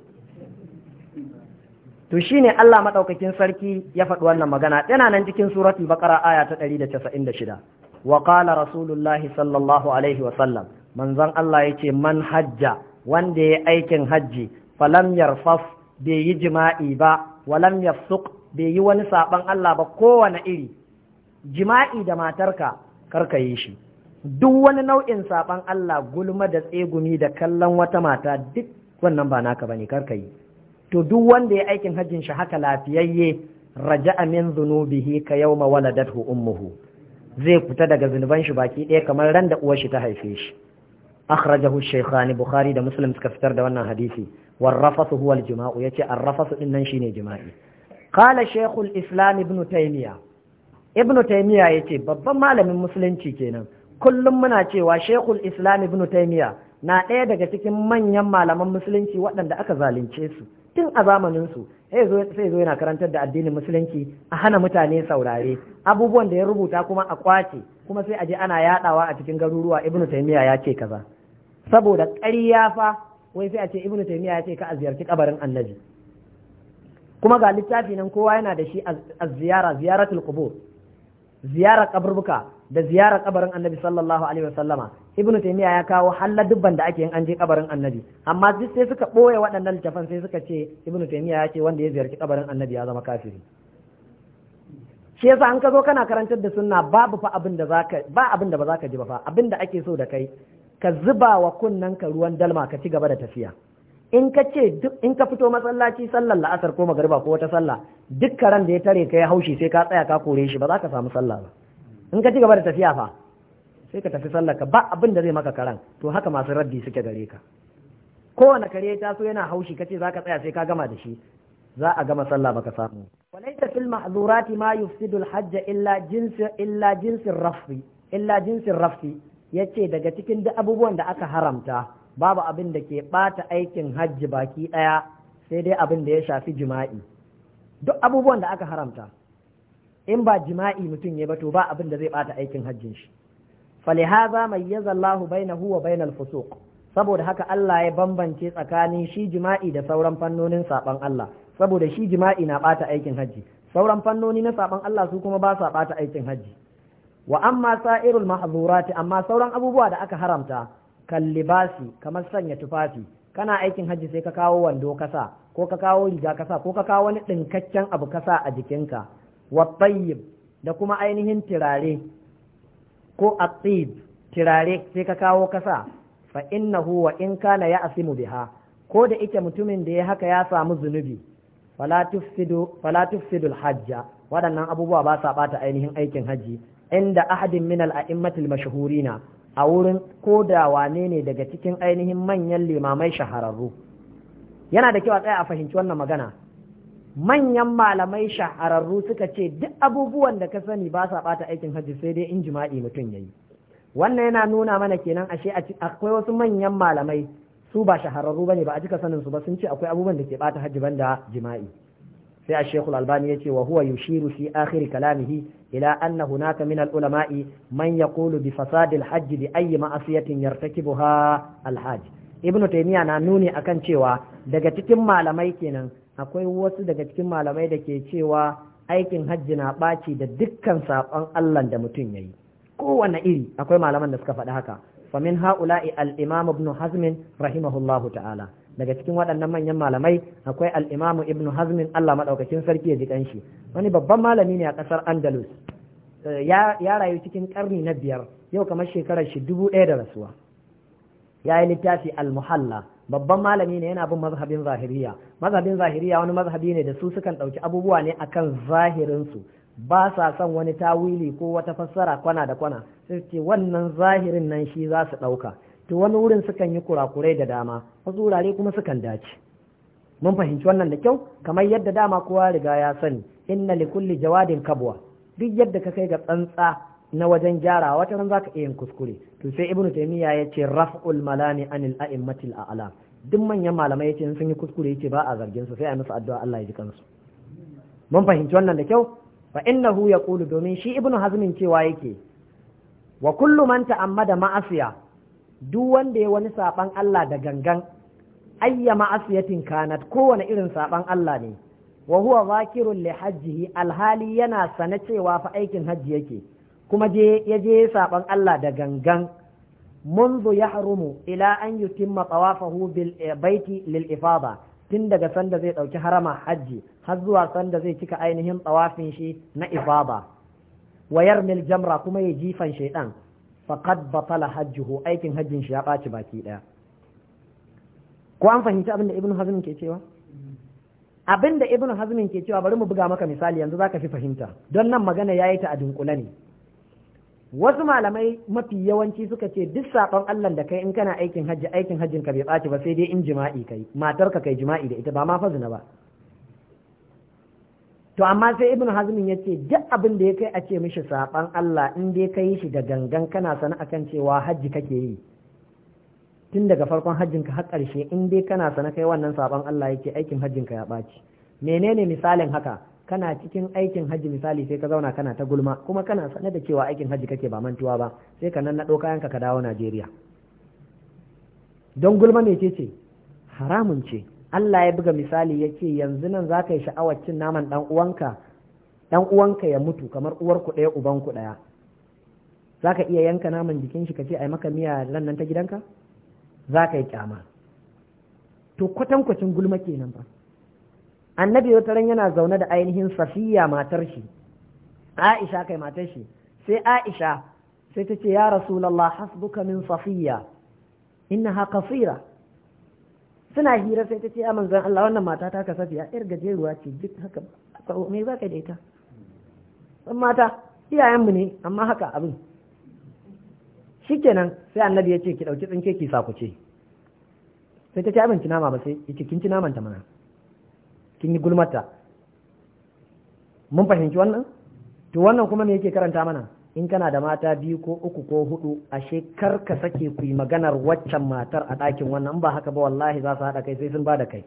S1: to shine Allah madaukakin sarki ya faɗi wannan magana yana nan cikin suratul baqara aya ta 196 wa qala rasulullahi sallallahu alaihi wa sallam manzon Allah ya ce man hajja wanda ya aikin hajji falam yarfaf bai yi jima'i ba walam yafsuq bai yi wani saban Allah ba kowane iri jima'i da matarka karka yi shi duk wani nau'in saban Allah gulma da tsegumi da kallon wata mata duk wannan ba naka bane karka yi to duk wanda ya aikin hajjin shi haka lafiyayye raja'a min zunubihi ka yawma waladathu ummuhu zai fita daga zunuban shi baki ɗaya kamar ran da uwar shi ta haife shi akhrajahu shaykhani bukhari da muslim suka fitar da wannan hadisi warrafasu huwa aljima'u yace arrafasu din nan shine jima'i qala shaykhul islam ibn taymiya ibn ya yace babban malamin musulunci kenan kullum muna cewa shaykhul islam ibn taymiya na ɗaya daga cikin manyan malaman musulunci waɗanda aka zalunce su tun a zamanin su sai zo yana karantar da addinin musulunci a hana mutane saurare abubuwan da ya rubuta kuma a kwace kuma sai a je ana yadawa a cikin garuruwa ibn taymiya ya ce kaza saboda ƙaryafa fa wai sai a ce ibnu taymiya ya ce ka ziyarci kabarin annabi kuma ga littafi nan kowa yana da shi a ziyara ziyaratul qubur ziyara kaburbuka da ziyara kabarin annabi sallallahu alaihi wasallama ibnu taymiya ya kawo halla dubban da ake yin an je kabarin annabi amma duk sai suka boye waɗannan littafan sai suka ce ibnu taymiya ya ce wanda ya ziyarci kabarin annabi ya zama kafiri shi yasa an ka zo kana karantar da sunna babu fa abin zaka ba abin da ba zaka ji ba fa abin da ake so da kai ka zuba wa kunnen ka ruwan dalma ka ci gaba da tafiya in ka ce duk in ka fito masallaci sallar la'asar ko magariba ko wata sallah duk karan da ya tare ka ya haushi sai ka tsaya ka kore shi ba za ka samu sallah ba in ka ci gaba da tafiya fa sai ka tafi sallar ka ba abin da zai maka karan to haka masu raddi suke gare ka kowane kare ya taso yana haushi ka ce za ka tsaya sai ka gama da shi za a gama sallah baka samu walaita fil ma'zurati ma yufsidu hajja hajj illa jinsin illa illa jinsin ya ce daga cikin duk abubuwan da aka haramta babu abin da ke bata aikin hajji baki ɗaya sai dai abin da ya shafi jima'i duk abubuwan da aka haramta in ba jima'i mutum ya ba to ba abin da zai ɓata aikin hajjin shi falihaza mayyaza Allah bainahu wa bainal fusuq saboda haka Allah ya bambance tsakanin shi jima'i da sauran fannonin saban Allah saboda shi jima'i na ɓata aikin hajji sauran fannoni na saban Allah su kuma ba sa ɓata aikin hajji wa amma sa'irul mahzurati amma sauran abubuwa da aka haramta kan libasi kamar sanya tufafi kana aikin haji sai ka kawo wando kasa ko ka kawo riga kasa ko ka kawo wani ɗinkakken abu kasa a jikinka wa tayyib da kuma ainihin turare ko atib tirare sai ka kawo kasa fa innahu wa in kana ya biha ko da ike mutumin da ya haka ya samu zunubi fala tufsidu fala tufsidul hajja waɗannan abubuwa ba sa bata ainihin aikin haji. inda ahadin min al'a'immatil mashahurina a wurin ko da wane ne daga cikin ainihin manyan limamai shahararru yana da kyau a tsaya a fahimci wannan magana manyan malamai shahararru suka ce duk abubuwan da ka sani ba sa bata aikin hajji sai dai in jima'i mutum yayi wannan yana nuna mana kenan ashe akwai wasu manyan malamai su ba shahararru bane ba a jika sanin su ba sun ce akwai abubuwan da ke bata hajji banda jima'i sai a shekul albani ya ce wa huwa yushiru fi akhir kalamihi ila anna hunaka min al-ulama'i man yaqulu bi fasadil hajji bi ayyi ma'asiyatin yartakibuha al-hajj ibnu taymiya na nuni akan cewa daga cikin malamai kenan akwai wasu daga cikin malamai da ke cewa aikin hajji na ɓaci da dukkan saƙon Allah da mutum ya yi kowane iri akwai malaman da suka faɗi haka famin ha'ula'i al-imam hazmin rahimahullahu ta'ala daga cikin waɗannan manyan malamai akwai al-Imam Ibn Hazm Allah madaukakin sarki ya ji ƙanshi. wani babban malami ne a ƙasar Andalus eh, ya rayu cikin karni na biyar yau kamar shekarar shi dubu ɗaya da rasuwa ya yi littafi al-Muhalla babban malami ne yana bin mazhabin zahiriya mazhabin zahiriya wani mazhabi ne da su sukan ɗauki abubuwa ne akan zahirinsu ba sa son wani tawili ko wata fassara kwana da kwana sai ce wannan zahirin nan shi za su ɗauka to wani wurin sukan yi kurakurai da dama wasu wurare kuma sukan dace mun fahimci wannan da kyau kamar yadda dama kowa riga ya sani inna li kulli jawadin kabwa duk yadda ka kai ga tsantsa na wajen gyara wata ran zaka iya yin kuskure to sai ibnu taymiya ya ce raf'ul malami anil a'immatil a'lam duk manyan malamai yace sun yi kuskure yace ba a zargin su sai a musu addu'a Allah ya ji kansu mun fahimci wannan da kyau fa innahu yaqulu domin shi ibnu hazmin cewa yake wa kullu man ta'ammada ma'asiya duk wanda ya wani saban Allah da gangan ayya ma'asiyatin kanat kowane irin saban Allah ne wa huwa zakirun li hajjihi alhali yana sane cewa fa aikin hajji yake kuma je ya je saban Allah da gangan منذ يحرم إلى أن يتم baiti, lil للإفاضة tun daga sanda zai ɗauki harama hajji har zuwa sanda zai cika ainihin tsawafin shi na ifada wayar mil jamra kuma ya jifan shaidan faqad batala hajjuhu aikin hajjin shi ya ɓaci baki ɗaya ko an fahimci abin da ibn hazmin ke cewa abin da ibn hazmin ke cewa bari mu buga maka misali yanzu zaka fi fahimta don nan magana yayi ta a dunkule ne wasu malamai mafi yawanci suka ce duk sabon Allah da kai in kana aikin hajji aikin hajjin ka bai ɓaci ba sai dai in jima'i kai ka kai jima'i da ita ba ma fa ba to amma sai ibn hazmin ya ce duk abin da ya kai a ce mishi saɓan Allah in dai ka yi shi da gangan kana sana akan cewa hajji kake yi tun daga farkon hajjin ka har ƙarshe in dai kana sana kai wannan saɓan Allah yake aikin hajjin ka ya ɓaci menene misalin haka kana cikin aikin hajji misali sai ka zauna kana ta gulma kuma kana sane da cewa aikin hajji kake ba mantuwa ba sai ka nan naɗo kayanka ka dawo Najeriya don gulma ne ce ce haramun ce Allah ya buga misali ya ce yanzu nan za ka yi sha'awar naman ɗan uwanka ɗan uwanka ya mutu kamar uwarku ɗaya ubanku ɗaya za ka iya yanka naman jikin shi ka ce a maka miya ran nan ta gidanka za ka yi kyama to kwacin gulma kenan ba annabi wata ran yana zaune da ainihin safiya matar shi aisha kai matar shi sai aisha sai ta ce ya rasulallah hasbuka min safiya innaha qasira suna hira sai ta ce a manzan Allah wannan mata ta kasafiya yar gajeruwa ce duk haka me za ka daita san mata iyayenmu ne amma haka abin shikenan sai annabi ya ce ki ɗauki tsinke ki sakuce sai ta ce abin ci nama ba sai ki kin ci naman ta mana kin yi gulmata mun fahimci wannan to wannan kuma me yake karanta mana in kana da mata biyu ko uku ko hudu ashe kar ka sake ku yi maganar waccan matar a ɗakin wannan ba haka ba wallahi za su haɗa kai sai sun ba da kai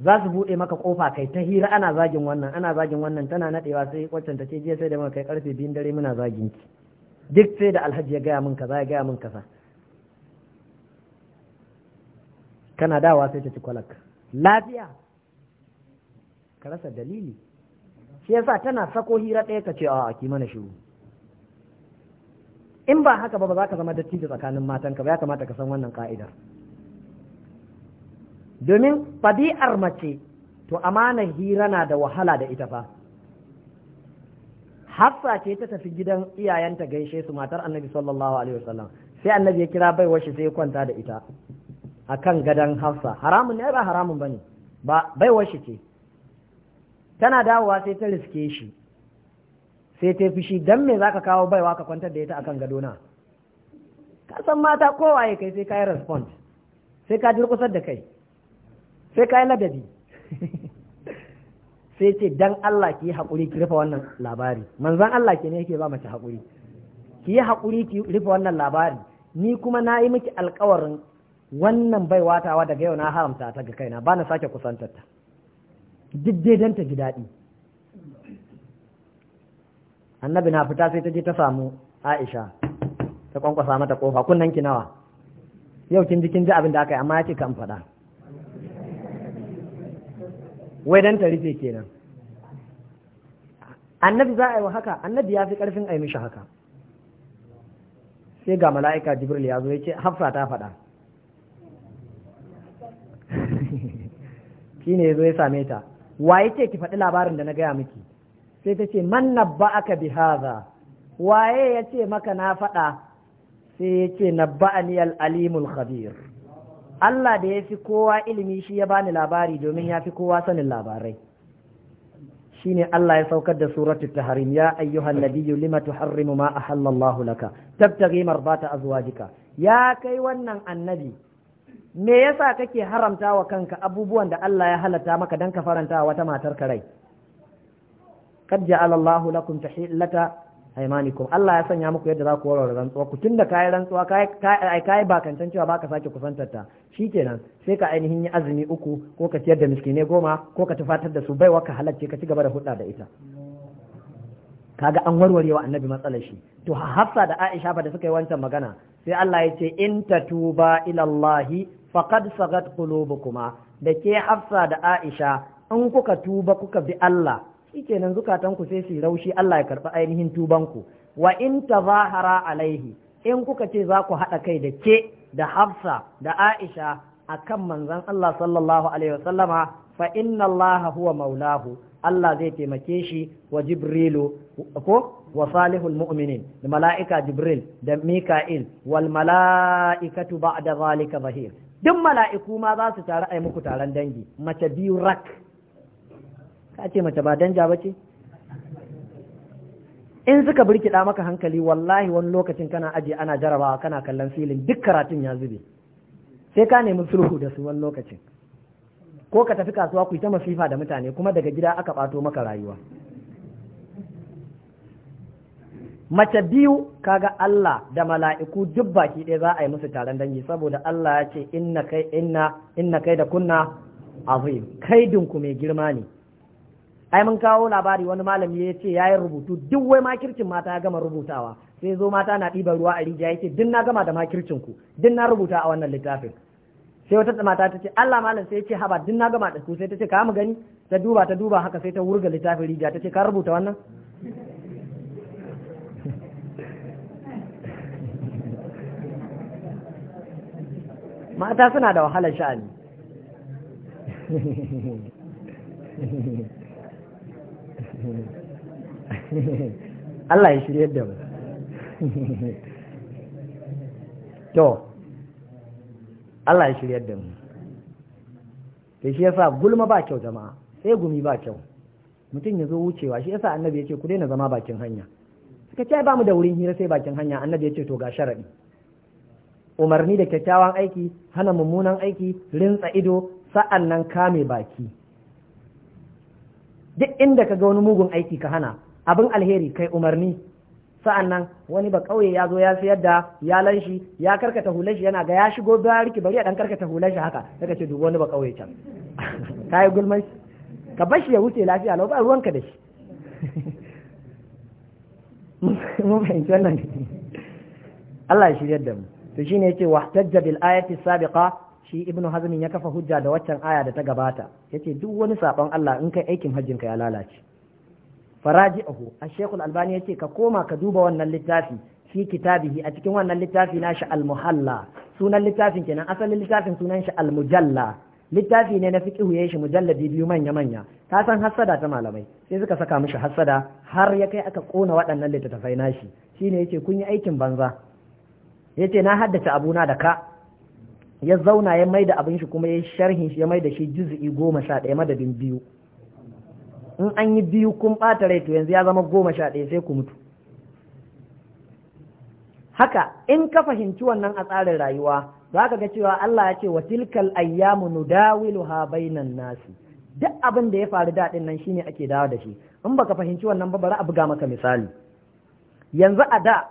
S1: za su buɗe maka kofa kai ta hira ana zagin wannan ana zagin wannan tana naɗewa sai waccan ta ce jiya sai da maka kai karfe biyun dare muna zagin ki duk sai da alhaji ya gaya min kaza ya gaya min kaza kana dawa sai ta ci kwalak lafiya ka rasa dalili shi yasa tana sako hira ɗaya ka ce a ki mana shiru in ba haka ba ba za ka zama da tsakanin matan ka ba ya kamata ka san wannan ka'idar domin fadi'ar mace to amanar hira na da wahala da ita fa hafsa ce ta tafi gidan iyayenta gaishe su matar annabi sallallahu alaihi wasallam sai annabi ya kira baiwar shi sai kwanta da ita akan gadan hafsa haramun ne ba haramun bane ba baiwar shi ce tana dawowa sai ta riske shi sai ta fushi dan me zaka kawo baiwa ka kwantar da ita akan gadona ka san mata kowaye kai sai ka yi respond sai ka durkusar da kai sai ka yi ladabi sai ce dan Allah ki yi haƙuri ki rufe wannan labari manzan Allah ke ne yake ba mace hakuri ki yi haƙuri ki rufe wannan labari ni kuma na yi miki alƙawarin wannan baiwatawa daga yau na haramta ta ga kaina ba na sake kusantar ta duk dai don ta ji daɗi annabi na fita sai ta je ta samu aisha ta kwankwasa mata kofa kunnan ki nawa yau kin ji kin ji abin da aka yi amma yake kan faɗa wai dan ta rufe kenan annabi za a yi wa haka annabi ya fi karfin a yi mishi haka sai ga mala'ika jibril ya zo ya ce hafsa ta faɗa ne ya zo ya same ta waye ce ki faɗi labarin da na gaya miki sai ta ce man aka bi hadha waye ya ce maka na faɗa sai ya ce nabba'ani ni alimul khabir Allah da ya fi kowa ilimi shi ya bani labari domin ya fi kowa sanin labarai Shi ne Allah ya saukar da suratu tahrim ya ayyuhan nabiyyu lima tuharrimu ma ahalla Allah laka tabtaghi marbata azwajika ya kai wannan annabi me yasa kake haramta wa kanka abubuwan da Allah ya halatta maka dan ka faranta wata matar ka rai kad ja'ala Allahu lakum tahillata aymanikum Allah ya sanya muku yadda za ku warware rantsuwa ku tunda kai rantsuwa kai kai bakancan cewa baka sake kusantar ta shikenan sai ka ainihin yi azumi uku ko ka ciyar da miskine goma ko ka tufatar da su baiwa ka halacce ka ci gaba da hudda da ita kaga an warware wa annabi matsalar shi to hafsa da aisha ba da suka yi wancan magana sai Allah ya ce in tatuba ila Allahi faqad sagat qulubukuma da ke Hafsa da Aisha in kuka tuba kuka bi Allah shikenan zukatan ku sai su raushi Allah ya karɓi ainihin tuban ku wa in tazahara alaihi in kuka ce za ku haɗa kai da ke da Hafsa da Aisha akan manzon Allah sallallahu alaihi wasallama fa inna Allah huwa maulahu Allah zai taimake shi wa Jibrilu ko wa salihul mu'minin da mala'ika Jibril da Mika'il wal mala'ikatu ba'da zalika zahir duk mala'iku ma za su taru a yi muku taron dangi mace biyu rak ka ce mace ba danja ba ce in suka birkiɗa maka hankali wallahi wani lokacin kana aji ana jarabawa kana kallon filin duk karatun ya zube sai ka nemi sulhu da su wani lokacin ko ka tafi kasuwa ku yi ta masifa da mutane kuma daga gida aka bato maka rayuwa mace biyu kaga Allah da mala'iku duk baki ɗaya za a yi musu taron dangi saboda Allah ya ce inna kai inna inna kai da kunna azim kai dinku mai girma ne ai mun kawo labari wani malami ya ce yayin rubutu duk wai makircin mata ya gama rubutawa sai zo mata na ɗiban ruwa a rijiya yake duk na gama da makircin ku duk na rubuta a wannan littafin sai wata mata ta ce Allah malam sai ya ce haba duk na gama da ku sai ta ce ka mu gani ta duba ta duba haka sai ta wurga littafin rijiya ta ce ka rubuta wannan mata suna da wahalar sha'ani Allah ya shirye da mu to Allah ya shirye da mu to shi yasa gulma ba kyau jama'a sai gumi ba kyau mutum ya zo wucewa shi yasa annabi ya ce ku daina zama bakin hanya suka ce ba mu da wurin hira sai bakin hanya annabi ya ce to ga sharadi umarni da kyakkyawan aiki hana mummunan aiki rintsa ido sa'an nan kame baki duk inda ka ga wani mugun aiki ka hana abin alheri kai umarni sa'an nan wani ba kauye ya zo ya siyar da ya lanshi ya karkata hulashi shi yana ga ya shigo bariki bari ya dan karkata hulashi shi haka daga ce dubu wani ba kauye can ka yi gulman shi ka bashi ya wuce lafiya lau ba ruwanka da shi mun fahimci wannan Allah ya shiryar da mu to shine ce wahtajja bil ayati sabiqa shi ibnu hazmin ya kafa hujja da waccan aya da ta gabata yace duk wani sabon Allah in kai aikin hajjin ka ya lalace faraji'uhu ash-shaykh al-albani yace ka koma ka duba wannan littafi fi kitabihi a cikin wannan littafi nashi al-muhalla sunan littafin kenan asalin littafin sunan shi al-mujalla littafi ne na fiqhu yayin shi mujalladi biyu manya manya ka san hassada ta malamai sai suka saka mishi hassada har ya kai aka kona waɗannan littattafai nashi shine yace kun yi aikin banza ya ce na haddace abuna da ka ya zauna ya mai da abin shi kuma ya sharhin shi ya mai da shi juzi'i goma sha ɗaya madadin biyu in an yi biyu kun ɓata rai to yanzu ya zama goma sha ɗaya sai ku mutu haka in ka fahimci wannan a tsarin rayuwa za ka ga cewa Allah ya ce wa tilkal ayyamu nudawiluha bainan nasi duk abin da ya faru daɗin nan shine ake dawo da shi in baka fahimci wannan ba bari a buga maka misali yanzu a da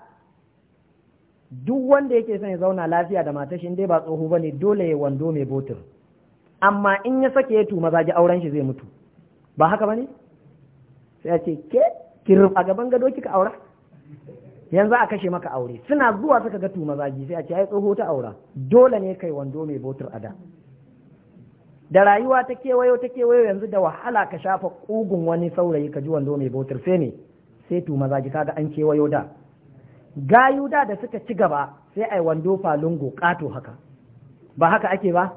S1: duk wanda yake son ya zauna lafiya da matashi dai ba tsoho bane dole ya wando mai botir amma in ya sake ya tuma zagi auren shi zai mutu ba haka bane sai ya ce ke ki a gaban gado kika aura yanzu a kashe maka aure suna zuwa suka ga tuma zagi sai a ce ai tsoho ta aura dole ne kai wando mai botir a da da rayuwa ta kewayo ta kewayo yanzu da wahala ka shafa kugun wani saurayi ka ji wando mai botir sai ne sai tuma zagi kaga an kewayo da Gayu da da suka ci gaba sai ai wando falungo kato haka ba haka ake ba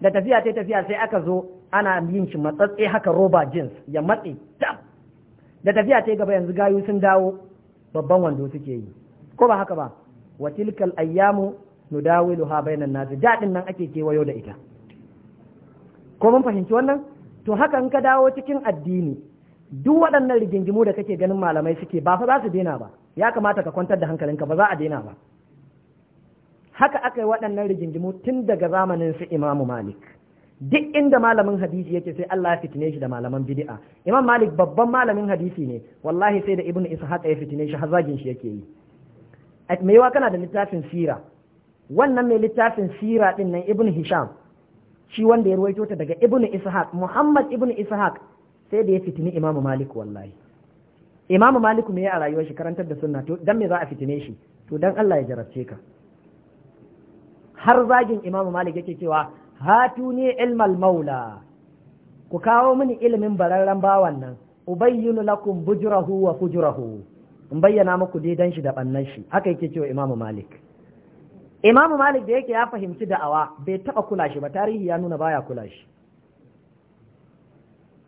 S1: da tafiya ta tafiya sai aka zo ana yin shi matsatse haka roba jeans ya matse ta. da tafiya ta gaba yanzu gayu sun dawo babban wando suke yi ko ba haka ba wa tilkal ayyamu nudawiluha bainan nas jadin nan ake kewayo da ita ko mun fahimci wannan to haka in ka dawo cikin addini duk waɗannan rigingimu da kake ganin malamai suke ba fa za su daina ba ya kamata ka kwantar da hankalinka ba za a daina ba haka aka yi waɗannan rigingimu tun daga zamanin su imamu malik duk inda malamin hadisi yake sai Allah ya fitine shi da malaman bid'a imam malik babban malamin hadisi ne wallahi sai da ibnu ishaq ya fitine shi har zagin shi yake yi me yawa kana da littafin sira wannan mai littafin sira din nan ibn hisham shi wanda ya ruwaito ta daga Ibn ishaq muhammad Ibn ishaq sai da ya fitini imamu malik wallahi Imamu malik me ya rayuwar shi karantar da sunna to dan me za a fitine shi to dan Allah ya jarabce ka har zagin Imamu malik yake cewa hatuni ilmal maula ku kawo mini ilimin bararren bawan nan ubayyinu lakum bujrahu wa fujrahu in bayyana muku dan shi da bannan shi haka yake cewa Imamu malik Imamu malik da yake ya fahimci da'awa bai taba kula shi ba tarihi ya nuna baya kula shi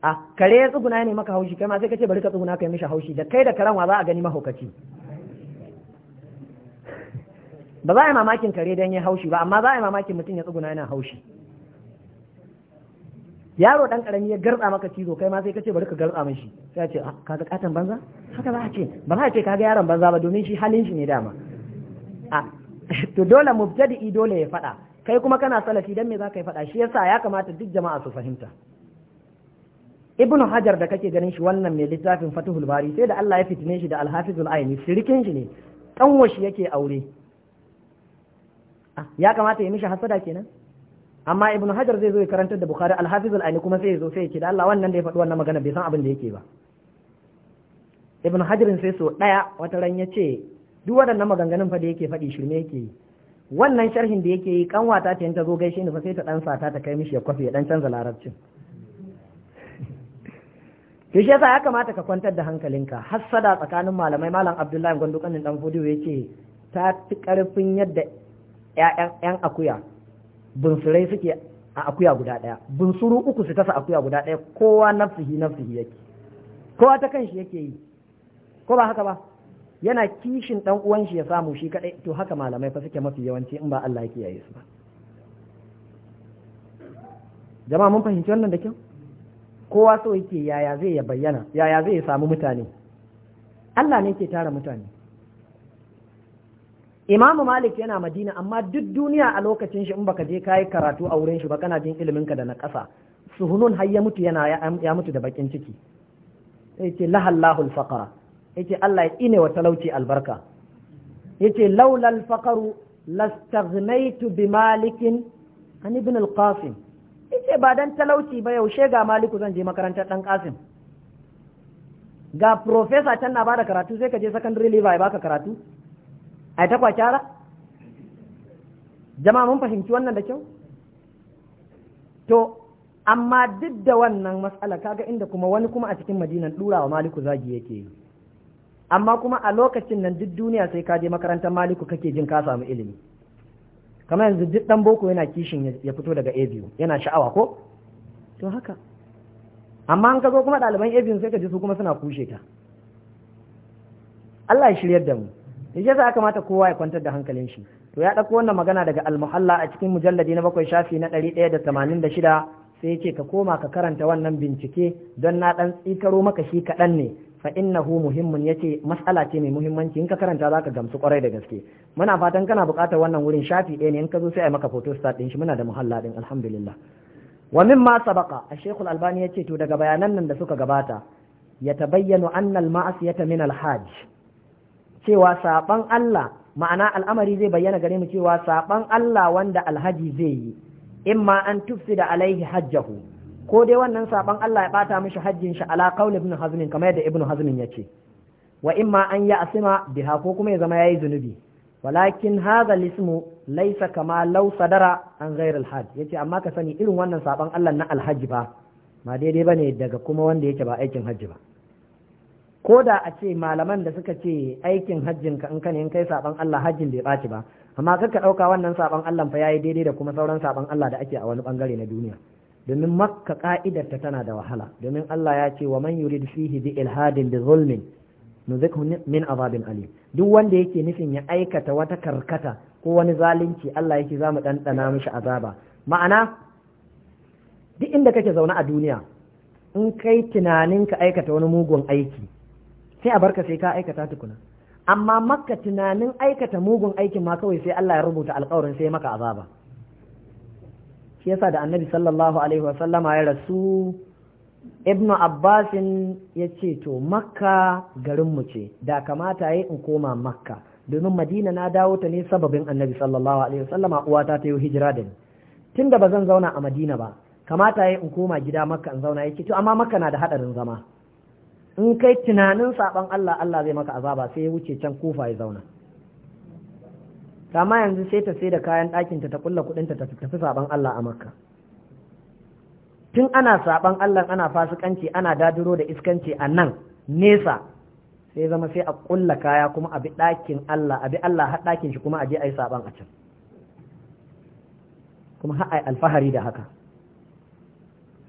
S1: a kare ya tsuguna ne maka haushi kai ma sai kace bari ka tsuguna kai mishi haushi da kai da karen wa za a gani mahaukaci ba za a yi mamakin kare dan ya haushi ba amma za a yi mamakin mutum ya tsuguna yana haushi yaro dan karami ya garza maka cizo kai ma sai kace bari ka garza mishi sai ce ah, ka ga katan banza haka za a ce ba za a ce kaga yaron banza ba domin shi halin shi ne dama a to dole mubtadi dole ya faɗa kai kuma kana salafi dan me za ka yi faɗa shi yasa ya kamata duk jama'a su fahimta ibnu hajar da kake ganin shi wannan mai littafin fatihul bari sai da Allah ya fitine shi da alhafizul aini shirkin shi ne kanwa shi yake aure ah, ya kamata ya mishi hasada kenan amma ibnu hajar zai zo ya karantar da bukhari alhafizul aini kuma sai ya zo sai ya ce da Allah wannan da ya faɗi wannan magana bai san abin da yake ba ibnu hajarin sai so daya wata ran ya ce duk waɗannan maganganun fa da yake faɗi shirme yake yi wannan sharhin da yake yi kanwata ta yanka zo gaishe ni fa sai ta dan sata ta kai mishi ya kwafi ya dan canza larabcin to shi yasa ya kamata ka kwantar da hankalinka hassada tsakanin malamai malam abdullahi gwandu kanin dan ya ce ta fi karfin yadda yan akuya bunsurai suke a akuya guda daya bunsuru uku su tasa akuya guda daya kowa nafsihi nafsihi yake kowa ta kan shi yake yi ko ba haka ba yana kishin dan uwan shi ya samu shi kadai to haka malamai fa suke mafi yawanci in ba Allah yake yayi su ba jama'a mun fahimci wannan da kyau kowa so yake yaya zai ya bayyana yaya zai ya samu mutane Allah ne ke tara mutane Imam Malik yana Madina amma duk duniya a lokacin shi in baka je kayi karatu a wurin shi ba kana jin ilimin ka da na ƙasa suhunun har ya mutu yana ya mutu da bakin ciki ce lahallahul faqara yace Allah ya ine wa talauci albarka yace laulal faqaru lastaghnaitu bi malikin an ibn al-qasim yace ba dan talauci ba yaushe ga maliku zan je makarantar dan kasim ga professor can na bada karatu sai ka je secondary level ya baka karatu ai ta kwacara jama'a mun fahimci wannan da kyau to amma duk da wannan matsala kaga inda kuma wani kuma a cikin madinan durawa maliku zagi yake yi amma kuma a lokacin nan duk duniya sai ka je makarantar maliku kake jin ka samu ilimi kamar yanzu duk ɗan boko yana kishin ya fito daga abu yana sha'awa ko to haka amma an ka zo kuma ɗaliban abu sai ka ji su kuma suna kushe ta Allah ya shiryar da mu Ya ce za kamata kowa ya kwantar da hankalin shi to ya ɗauko wannan magana daga almuhalla a cikin mujalladi na bakwai shafi na ɗari ɗaya da tamanin da shida sai ya ce ka koma ka karanta wannan bincike don na ɗan tsikaro maka shi kaɗan ne fa innahu muhimmun yace mas'ala ce mai muhimmanci in ka karanta zaka gamsu kwarai da gaske muna fatan kana buƙatar wannan wurin shafi ɗaya ne in ka zo sai a maka photo start din shi muna da muhalla din alhamdulillah wa mimma sabaqa ash-shaykh ya albani yace to daga bayanan nan da suka gabata yatabayyanu anna al-ma'asiyata min al-hajj cewa saban Allah ma'ana al'amari zai bayyana gare mu cewa saban Allah wanda alhaji zai yi imma an tufsida alaihi hajjahu ko dai wannan saban Allah ya bata mishi hajjin shi ala qaul ibn hazmin kamar yadda ibn hazmin yace wa imma an ya asima biha ko kuma ya zama yayi zunubi walakin hadha ismu laysa kama law sadara an ghayr al yace amma ka sani irin wannan saban Allah na alhaji ba ma daidai bane daga kuma wanda yake ba aikin hajji ba ko da a ce malaman da suka ce aikin hajjin ka in ka ne in kai saban Allah hajjin bai baci ba amma ka ɗauka wannan saban Allah fa yayi daidai da kuma sauran saban Allah da ake a wani bangare na duniya domin makka ka'idarta tana da wahala domin Allah ya ce wa man yurid fihi bi ilhadin bi zulmin nuzikhu min azabin ali duk wanda yake nufin ya aikata wata karkata ko wani zalunci Allah yake za mu ɗanɗana mishi azaba ma'ana duk inda kake zaune a duniya in kai tunanin ka aikata wani mugun aiki sai a barka sai ka aikata tukuna amma makka tunanin aikata mugun aikin ma kawai sai Allah ya rubuta alƙawarin sai maka azaba shi yasa da annabi sallallahu alaihi wa sallama ya rasu ibnu abbasin ya ce to makka garinmu ce da kamata yi in koma makka domin madina na dawo ta ne sababin annabi sallallahu alaihi wa sallama. uwata ta yi hijira da ni tun da ba zan zauna a madina ba kamata yi in koma gida makka in zauna ya ce to amma makka na da haɗarin zama in kai tunanin sabon allah allah zai maka azaba sai ya wuce can kofa ya zauna ma yanzu sai ta sai da kayan ɗakinta ta kulla kuɗinta ta tafi saban Allah a makka tun ana saban Allah ana fasikanci ana dadiro da iskanci a nan nesa sai zama sai a kulla kaya kuma a bi ɗakin Allah a bi Allah har ɗakin shi kuma a je a yi saban a can kuma har yi alfahari da haka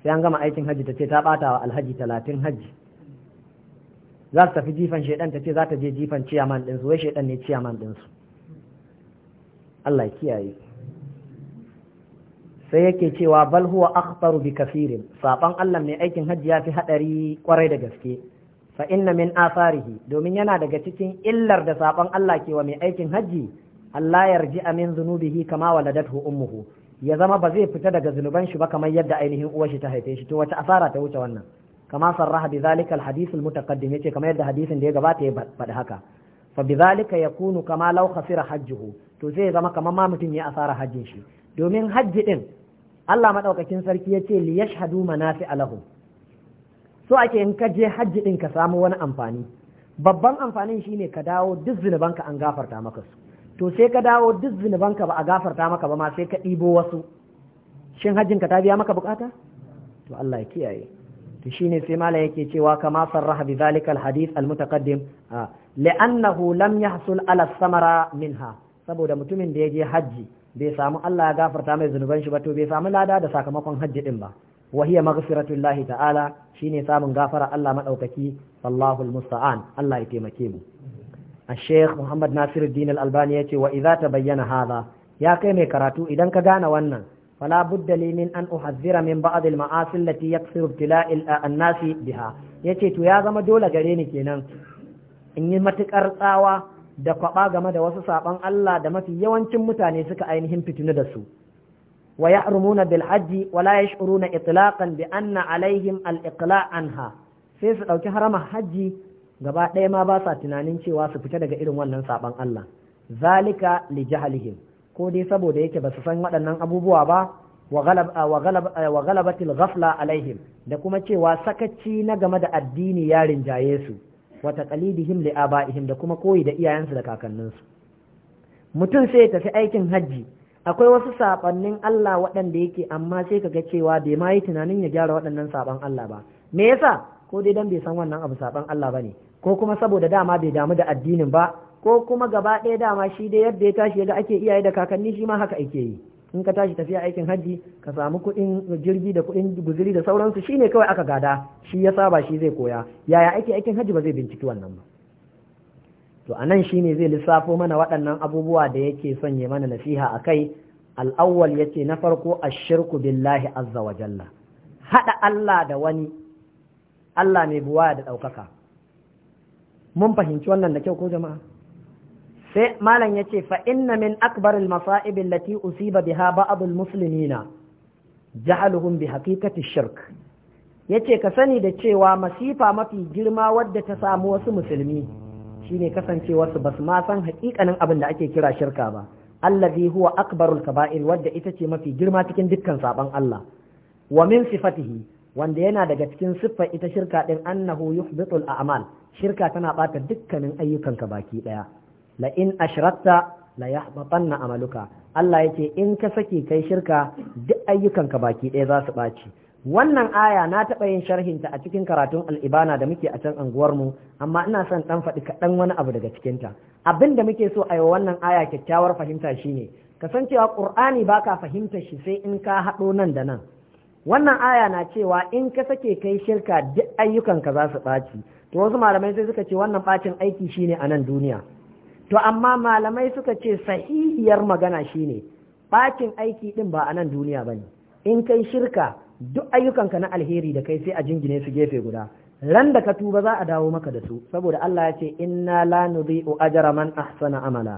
S1: sai an gama aikin hajji ta ce ta ɓata wa alhaji talatin hajji za su tafi jifan shaidan ta ce za ta je jifan ciyaman ɗinsu wai shaidan ne ciyaman ɗinsu Allah kiyaye sai yake cewa bal huwa akhtaru bi kafirin saban Allah mai aikin hajji ya fi hadari kwarai da gaske fa inna min afarihi domin yana daga cikin illar da saban Allah ke wa mai aikin hajji Allah yarji amin zunubihi kama waladathu ummuhu ya zama ba zai fita daga zunuban shi ba kamar yadda ainihin uwar shi ta haife shi to wata asara ta wuce wannan kama sarraha bi zalika alhadith almutaqaddim yace kamar yadda hadisin da ya gabata ya faɗi haka fa bidhalika yakunu kama law khasira hajjuhu to zai zama kamar ma mutum ya asara hajjin shi domin hajji din Allah madaukakin sarki yace li yashhadu manafi alahu so ake in ka je hajji din ka samu wani amfani babban amfanin shine ka dawo duk zinubanka an gafarta maka su to sai ka dawo duk zinubanka ba a gafarta maka ba ma sai ka ɗibo wasu shin hajjin ka ta biya maka bukata to Allah ya kiyaye to shine sai mala yake cewa kama sarraha bi zalikal hadith al mutaqaddim li'annahu lam yahsul ala samara minha saboda mutumin da ya je hajji bai samu Allah ya gafarta mai zunuban shi ba to bai samu lada da sakamakon hajji din ba wa hiya maghfiratullahi ta'ala shine samun gafara Allah madaukaki sallahu musta'an Allah ya taimake mu الشيخ محمد ناصر الدين الألباني يتي وإذا تبين هذا ya kai mai karatu idan ka gane wannan فلا بد لي من أن أحذر من بعض المعاصي التي يكثر ابتلاء الناس بها yace to ya zama dole gare ni kenan in yi matukar tsawa da kwaba game da wasu saban Allah da mafi yawancin mutane suka ainihin fitinu da su wa ya'rumuna bil hajji wa la yash'uruna itlaqan bi anna alaihim al iqla' anha sai su dauki harama hajji gaba ɗaya ma ba sa tunanin cewa su fita daga irin wannan saban Allah zalika li jahlihim ko dai saboda yake ba su san waɗannan abubuwa ba wa galabatil ghafla alaihim da kuma cewa sakaci na game da addini ya rinjaye su wa taqalidihim li abaihim da kuma koyi da iyayensu da kakanninsu mutum sai ya tafi aikin hajji akwai wasu sabannin Allah waɗanda yake amma sai ga cewa bai ma yi tunanin ya gyara waɗannan saban Allah ba me yasa ko dai dan bai san wannan abu saban Allah bane ko kuma saboda dama bai damu da addinin ba ko kuma gaba ɗaya dama shi dai yadda ya tashi yaga ake iyaye da kakanni shi ma haka ake yi in ka tashi tafiya aikin hajji ka samu kuɗin jirgi da kuɗin guzuri da sauransu Shi ne kawai aka gada shi ya saba shi zai koya yaya ake aikin hajji ba zai binciki wannan ba to anan ne zai lissafo mana waɗannan abubuwa da yake ya mana nasiha a kai, al'awwal ya ce na farko ashirku billahi azza wa jalla Haɗa Allah da wani Allah mai buwaya da ɗaukaka mun fahimci wannan da kyau ko jama'a sai malam ce, fa inna min akbaril masa'ib allati usiba biha ba'd almuslimina jahaluhum bi hakikati shirk yace ka sani da cewa masifa mafi girma wadda ta samu wasu musulmi shine kasancewarsu basu ma san haƙiƙanin abin da ake kira shirka ba allazi huwa akbarul kaba'ir wadda ita ce mafi girma cikin dukkan saban Allah wa min sifatihi wanda yana daga cikin siffar ita shirka din annahu yuhbitul a'mal shirka tana bata dukkanin ayyukanka baki daya la in ashrakta la yahbatanna amaluka Allah yace in ka saki kai shirka duk ayyukanka baki ɗaya za su ɓaci wannan aya na taɓa yin sharhinta a cikin karatun al'ibana da muke a can mu amma ina son ɗan faɗi kaɗan wani abu daga cikinta abin da muke so a yi wannan aya kyakkyawar fahimta shine kasancewa ƙur'ani ba ka fahimta shi sai in ka haɗo nan da nan wannan aya na cewa in ka sake kai shirka duk ayyukanka za su ɓaci to wasu malamai sai suka ce wannan ɓacin aiki shine a nan duniya to amma malamai suka ce sahihiyar magana shine bakin aiki din ba a nan duniya ba ne in kai shirka duk ayyukanka na alheri da kai sai a jingine su gefe guda ran da ka tuba za a dawo maka da su saboda Allah ya ce inna la nudhi'u ajra man ahsana amala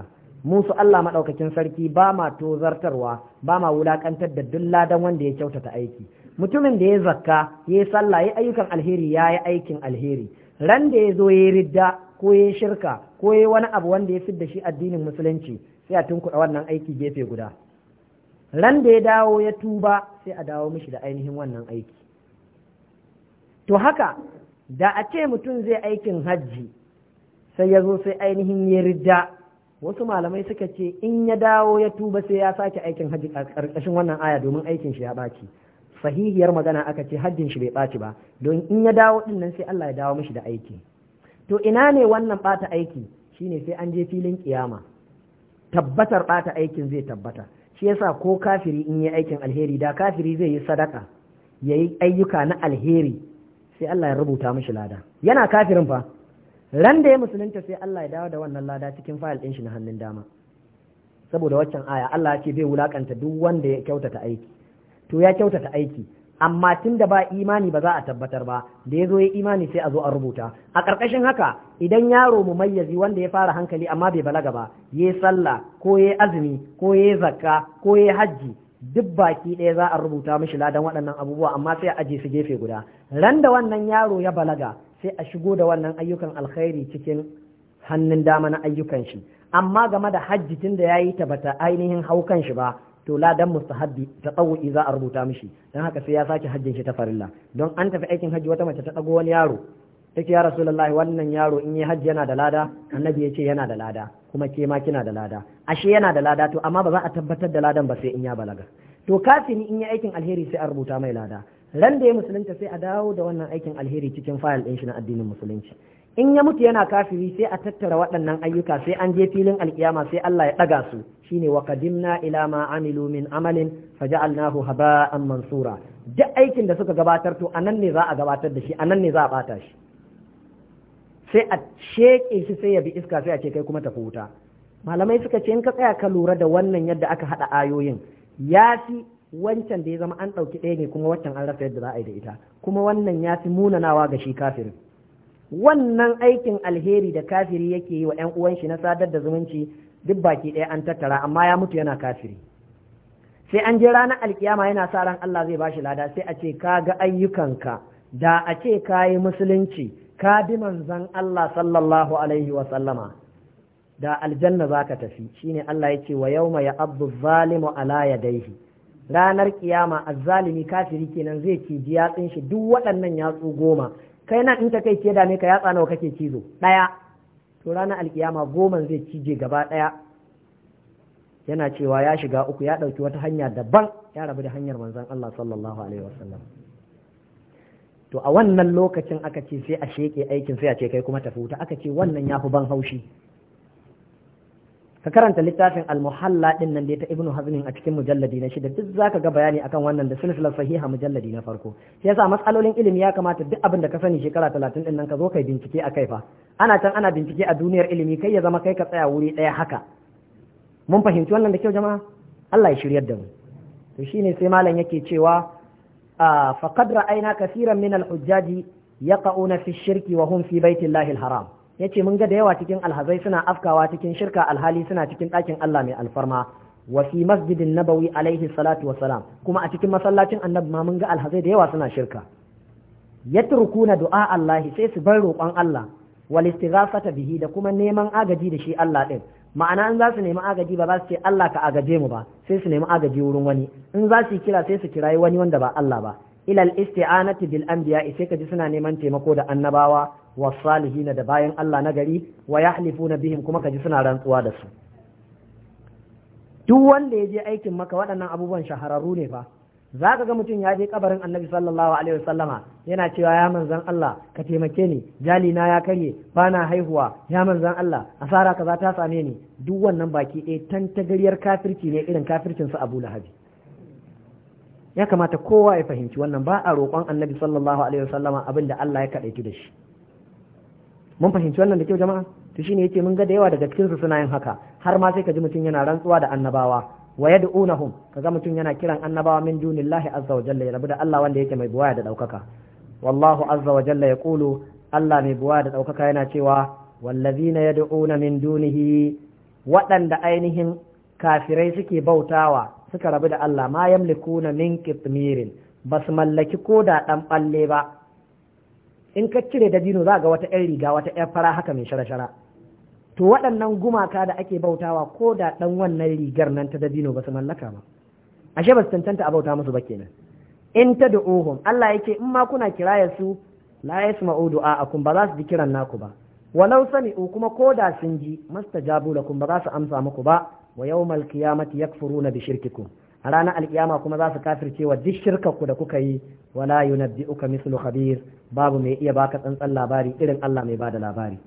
S1: mu su Allah madaukakin sarki ba ma tozartarwa ba ma wulakantar da duk ladan wanda ya kyautata aiki mutumin da ya zakka ya sallah ya ayyukan alheri ya yi aikin alheri ran da ya zo ya ridda ko yayi shirka ko yayi wani abu wanda ya fidda shi addinin musulunci sai a tunkuɗa wannan aiki gefe guda ran da ya dawo ya tuba sai a dawo mishi da ainihin wannan aiki to haka da a ce mutum zai aikin hajji sai ya zo sai ainihin ya ridda wasu malamai suka ce in ya dawo ya tuba sai ya sake aikin hajji a ƙarƙashin wannan aya domin aikin shi ya ɓaci sahihiyar magana aka ce hajjin shi bai ɓaci ba don in ya dawo ɗin sai Allah ya dawo mishi da aiki to ina ne wannan ɓata aiki shine sai an je filin kiyama tabbatar ɓata aikin zai tabbata shi yasa ko kafiri in yi aikin alheri da kafiri zai yi sadaka ya yi ayyuka na alheri sai Allah ya rubuta mishi lada yana kafirin fa ran da ya musulunta sai Allah ya dawo da wannan lada cikin fayil ɗin shi na hannun dama saboda waccan aya Allah ya ce bai wulakanta duk wanda ya kyautata aiki to ya kyautata aiki amma tun da ba imani ba za a tabbatar ba da ya zo ya imani sai a zo a rubuta a ƙarƙashin haka idan yaro mu mayyazi wanda ya fara hankali amma bai balaga ba ya sallah ko ya azumi ko ya zakka ko ya hajji duk baki ɗaya za a rubuta mishi ladan waɗannan abubuwa amma sai a aje su gefe guda ran da wannan yaro ya balaga sai a shigo da wannan ayyukan alkhairi cikin hannun dama na ayyukan shi amma game da hajji tun da ya yi ta bata ainihin haukan shi ba to ladan mustahabbi ta tsawo za a rubuta mishi don haka sai ya sake hajjin shi ta farilla don an tafi aikin hajji wata mace ta ɗago wani yaro take ya rasulullahi wannan yaro in yi hajji yana da lada annabi ya ce yana da lada kuma ke ma kina da lada ashe yana da lada to amma ba za a tabbatar da ladan ba sai in ya balaga to kafin in yi aikin alheri sai a rubuta mai lada ran da ya musulunta sai a dawo da wannan aikin alheri cikin fayil ɗin shi na addinin musulunci in ya mutu yana kafiri sai a tattara waɗannan ayyuka sai an je filin alkiyama sai Allah ya ɗaga su shine wa qadimna ila ma amilu min amalin faja'alnahu haba'an mansura duk aikin da suka gabatar to anan ne za a gabatar da shi anan ne za a bata shi sai a sheke shi sai ya bi iska sai a ce kai kuma tafi wuta malamai suka ce in ka tsaya ka lura da wannan yadda aka haɗa ayoyin ya fi wancan da ya zama an ɗauki ɗaya ne kuma waccan an rasa yadda za a yi da ita kuma wannan ya fi munanawa ga shi kafirin wannan aikin alheri da kafiri yake yi wa 'yan uwan shi na sadar da zumunci duk baki ɗaya an tattara amma ya mutu yana kafiri sai an je ranar alkiyama yana sa ran Allah zai bashi lada sai a ce ka ga ayyukanka da a ce ka yi musulunci ka bi manzan Allah sallallahu alaihi wa da aljanna za ka tafi shine Allah ya ce wa yauma ya abdu zalimu ala yadaihi ranar kiyama azzalimi kafiri kenan zai ci ji yatsun shi duk waɗannan yatsu goma kai na in kai ce dame ka yatsa nawa kake cizo ɗaya to ranar alkiyama goma zai cije gaba ɗaya yana cewa ya shiga uku ya ɗauki wata hanya daban ya rabu da hanyar manzon Allah sallallahu alaihi wasallam to a wannan lokacin aka ce sai a sheke aikin sai a ce kai kuma tafi wuta aka ce wannan ya fi ban haushi ka karanta littafin almuhalla muhalla din nan da ta ibnu hazmin a cikin mujalladi na shida duk zaka ga bayani akan wannan da silsilar sahiha mujalladi na farko shi yasa matsalolin ilimi ya kamata duk abin da ka sani shekara 30 din nan ka zo kai bincike akai fa ana can ana bincike a duniyar ilimi kai ya zama kai ka tsaya wuri daya haka mun fahimci wannan da kyau jama'a Allah ya shiryar da mu to shine sai malam yake cewa faqad ra'ayna kaseeran min al-hujjaji yaqa'una fi shirki wa hum fi baitillahi al-haram ya ce mun ga da yawa cikin alhazai suna afkawa cikin shirka alhali suna cikin ɗakin Allah mai alfarma Wasi fi masjidin nabawi alaihi salatu wasalam kuma a cikin masallacin annabi ma mun ga alhazai da yawa suna shirka Ya na du'a Allah sai su bar roƙon Allah wal istighafata bihi da kuma neman agaji da shi Allah ɗin. ma'ana in za su nemi agaji ba za su ce Allah ka agaje mu ba sai su nemi agaji wurin wani in za su kira sai su kirayi wani wanda ba Allah ba ilal isti'anati bil anbiya sai kaji suna neman taimako da annabawa wa salihina da bayan Allah na gari wa yahlifuna bihim kuma kaji suna rantsuwa da su duk wanda ya je aikin maka waɗannan abubuwan shahararru ne fa za ka ga mutum ya je kabarin annabi sallallahu alaihi wasallama yana cewa ya manzan Allah ka taimake ni jali na ya karye bana haihuwa ya manzan Allah asara kaza ta same ni duk wannan baki ɗaya tan kafirci ne irin kafircin su Abu Lahabi ya kamata kowa ya fahimci wannan ba a roƙon annabi sallallahu alaihi wasallama abin da Allah ya kaɗaitu da shi mun fahimci wannan da kyau jama'a to shine yace mun ga da yawa daga cikin su suna yin haka har ma sai ka ji mutum yana rantsuwa da annabawa wa yad'unahum kaga mutum yana kiran annabawa min dunillahi azza wa jalla ya rabu da Allah wanda yake mai buwaya da daukaka wallahu azza wa jalla yaqulu Allah mai buwaya da daukaka yana cewa wallazina yad'una min dunihi waɗanda ainihin kafirai suke bautawa suka rabu da Allah ma na min kitmirin ba su mallaki ko da ɗan ɓalle ba in ka cire da dino za ga wata ƴan riga wata ƴar fara haka mai shara-shara to waɗannan gumaka da ake bautawa ko da ɗan wannan rigar nan ta dabino ba su mallaka ba ashe ba su tantanta a bauta musu ba kenan in ta ohun Allah yake in ma kuna kiraya su la yasma'u du'a'akum ba za su ji kiran naku ba walau sami'u kuma ko da sun ji mastajabu lakum ba za su amsa muku ba wa yawmal qiyamati furu na bishirkiku, a ranar alkiyama kuma za su kafirce wa duk shirkarku da kuka yi wala yunabbi'uka mislu khabir babu mai iya baka tsantsan labari irin Allah mai bada labari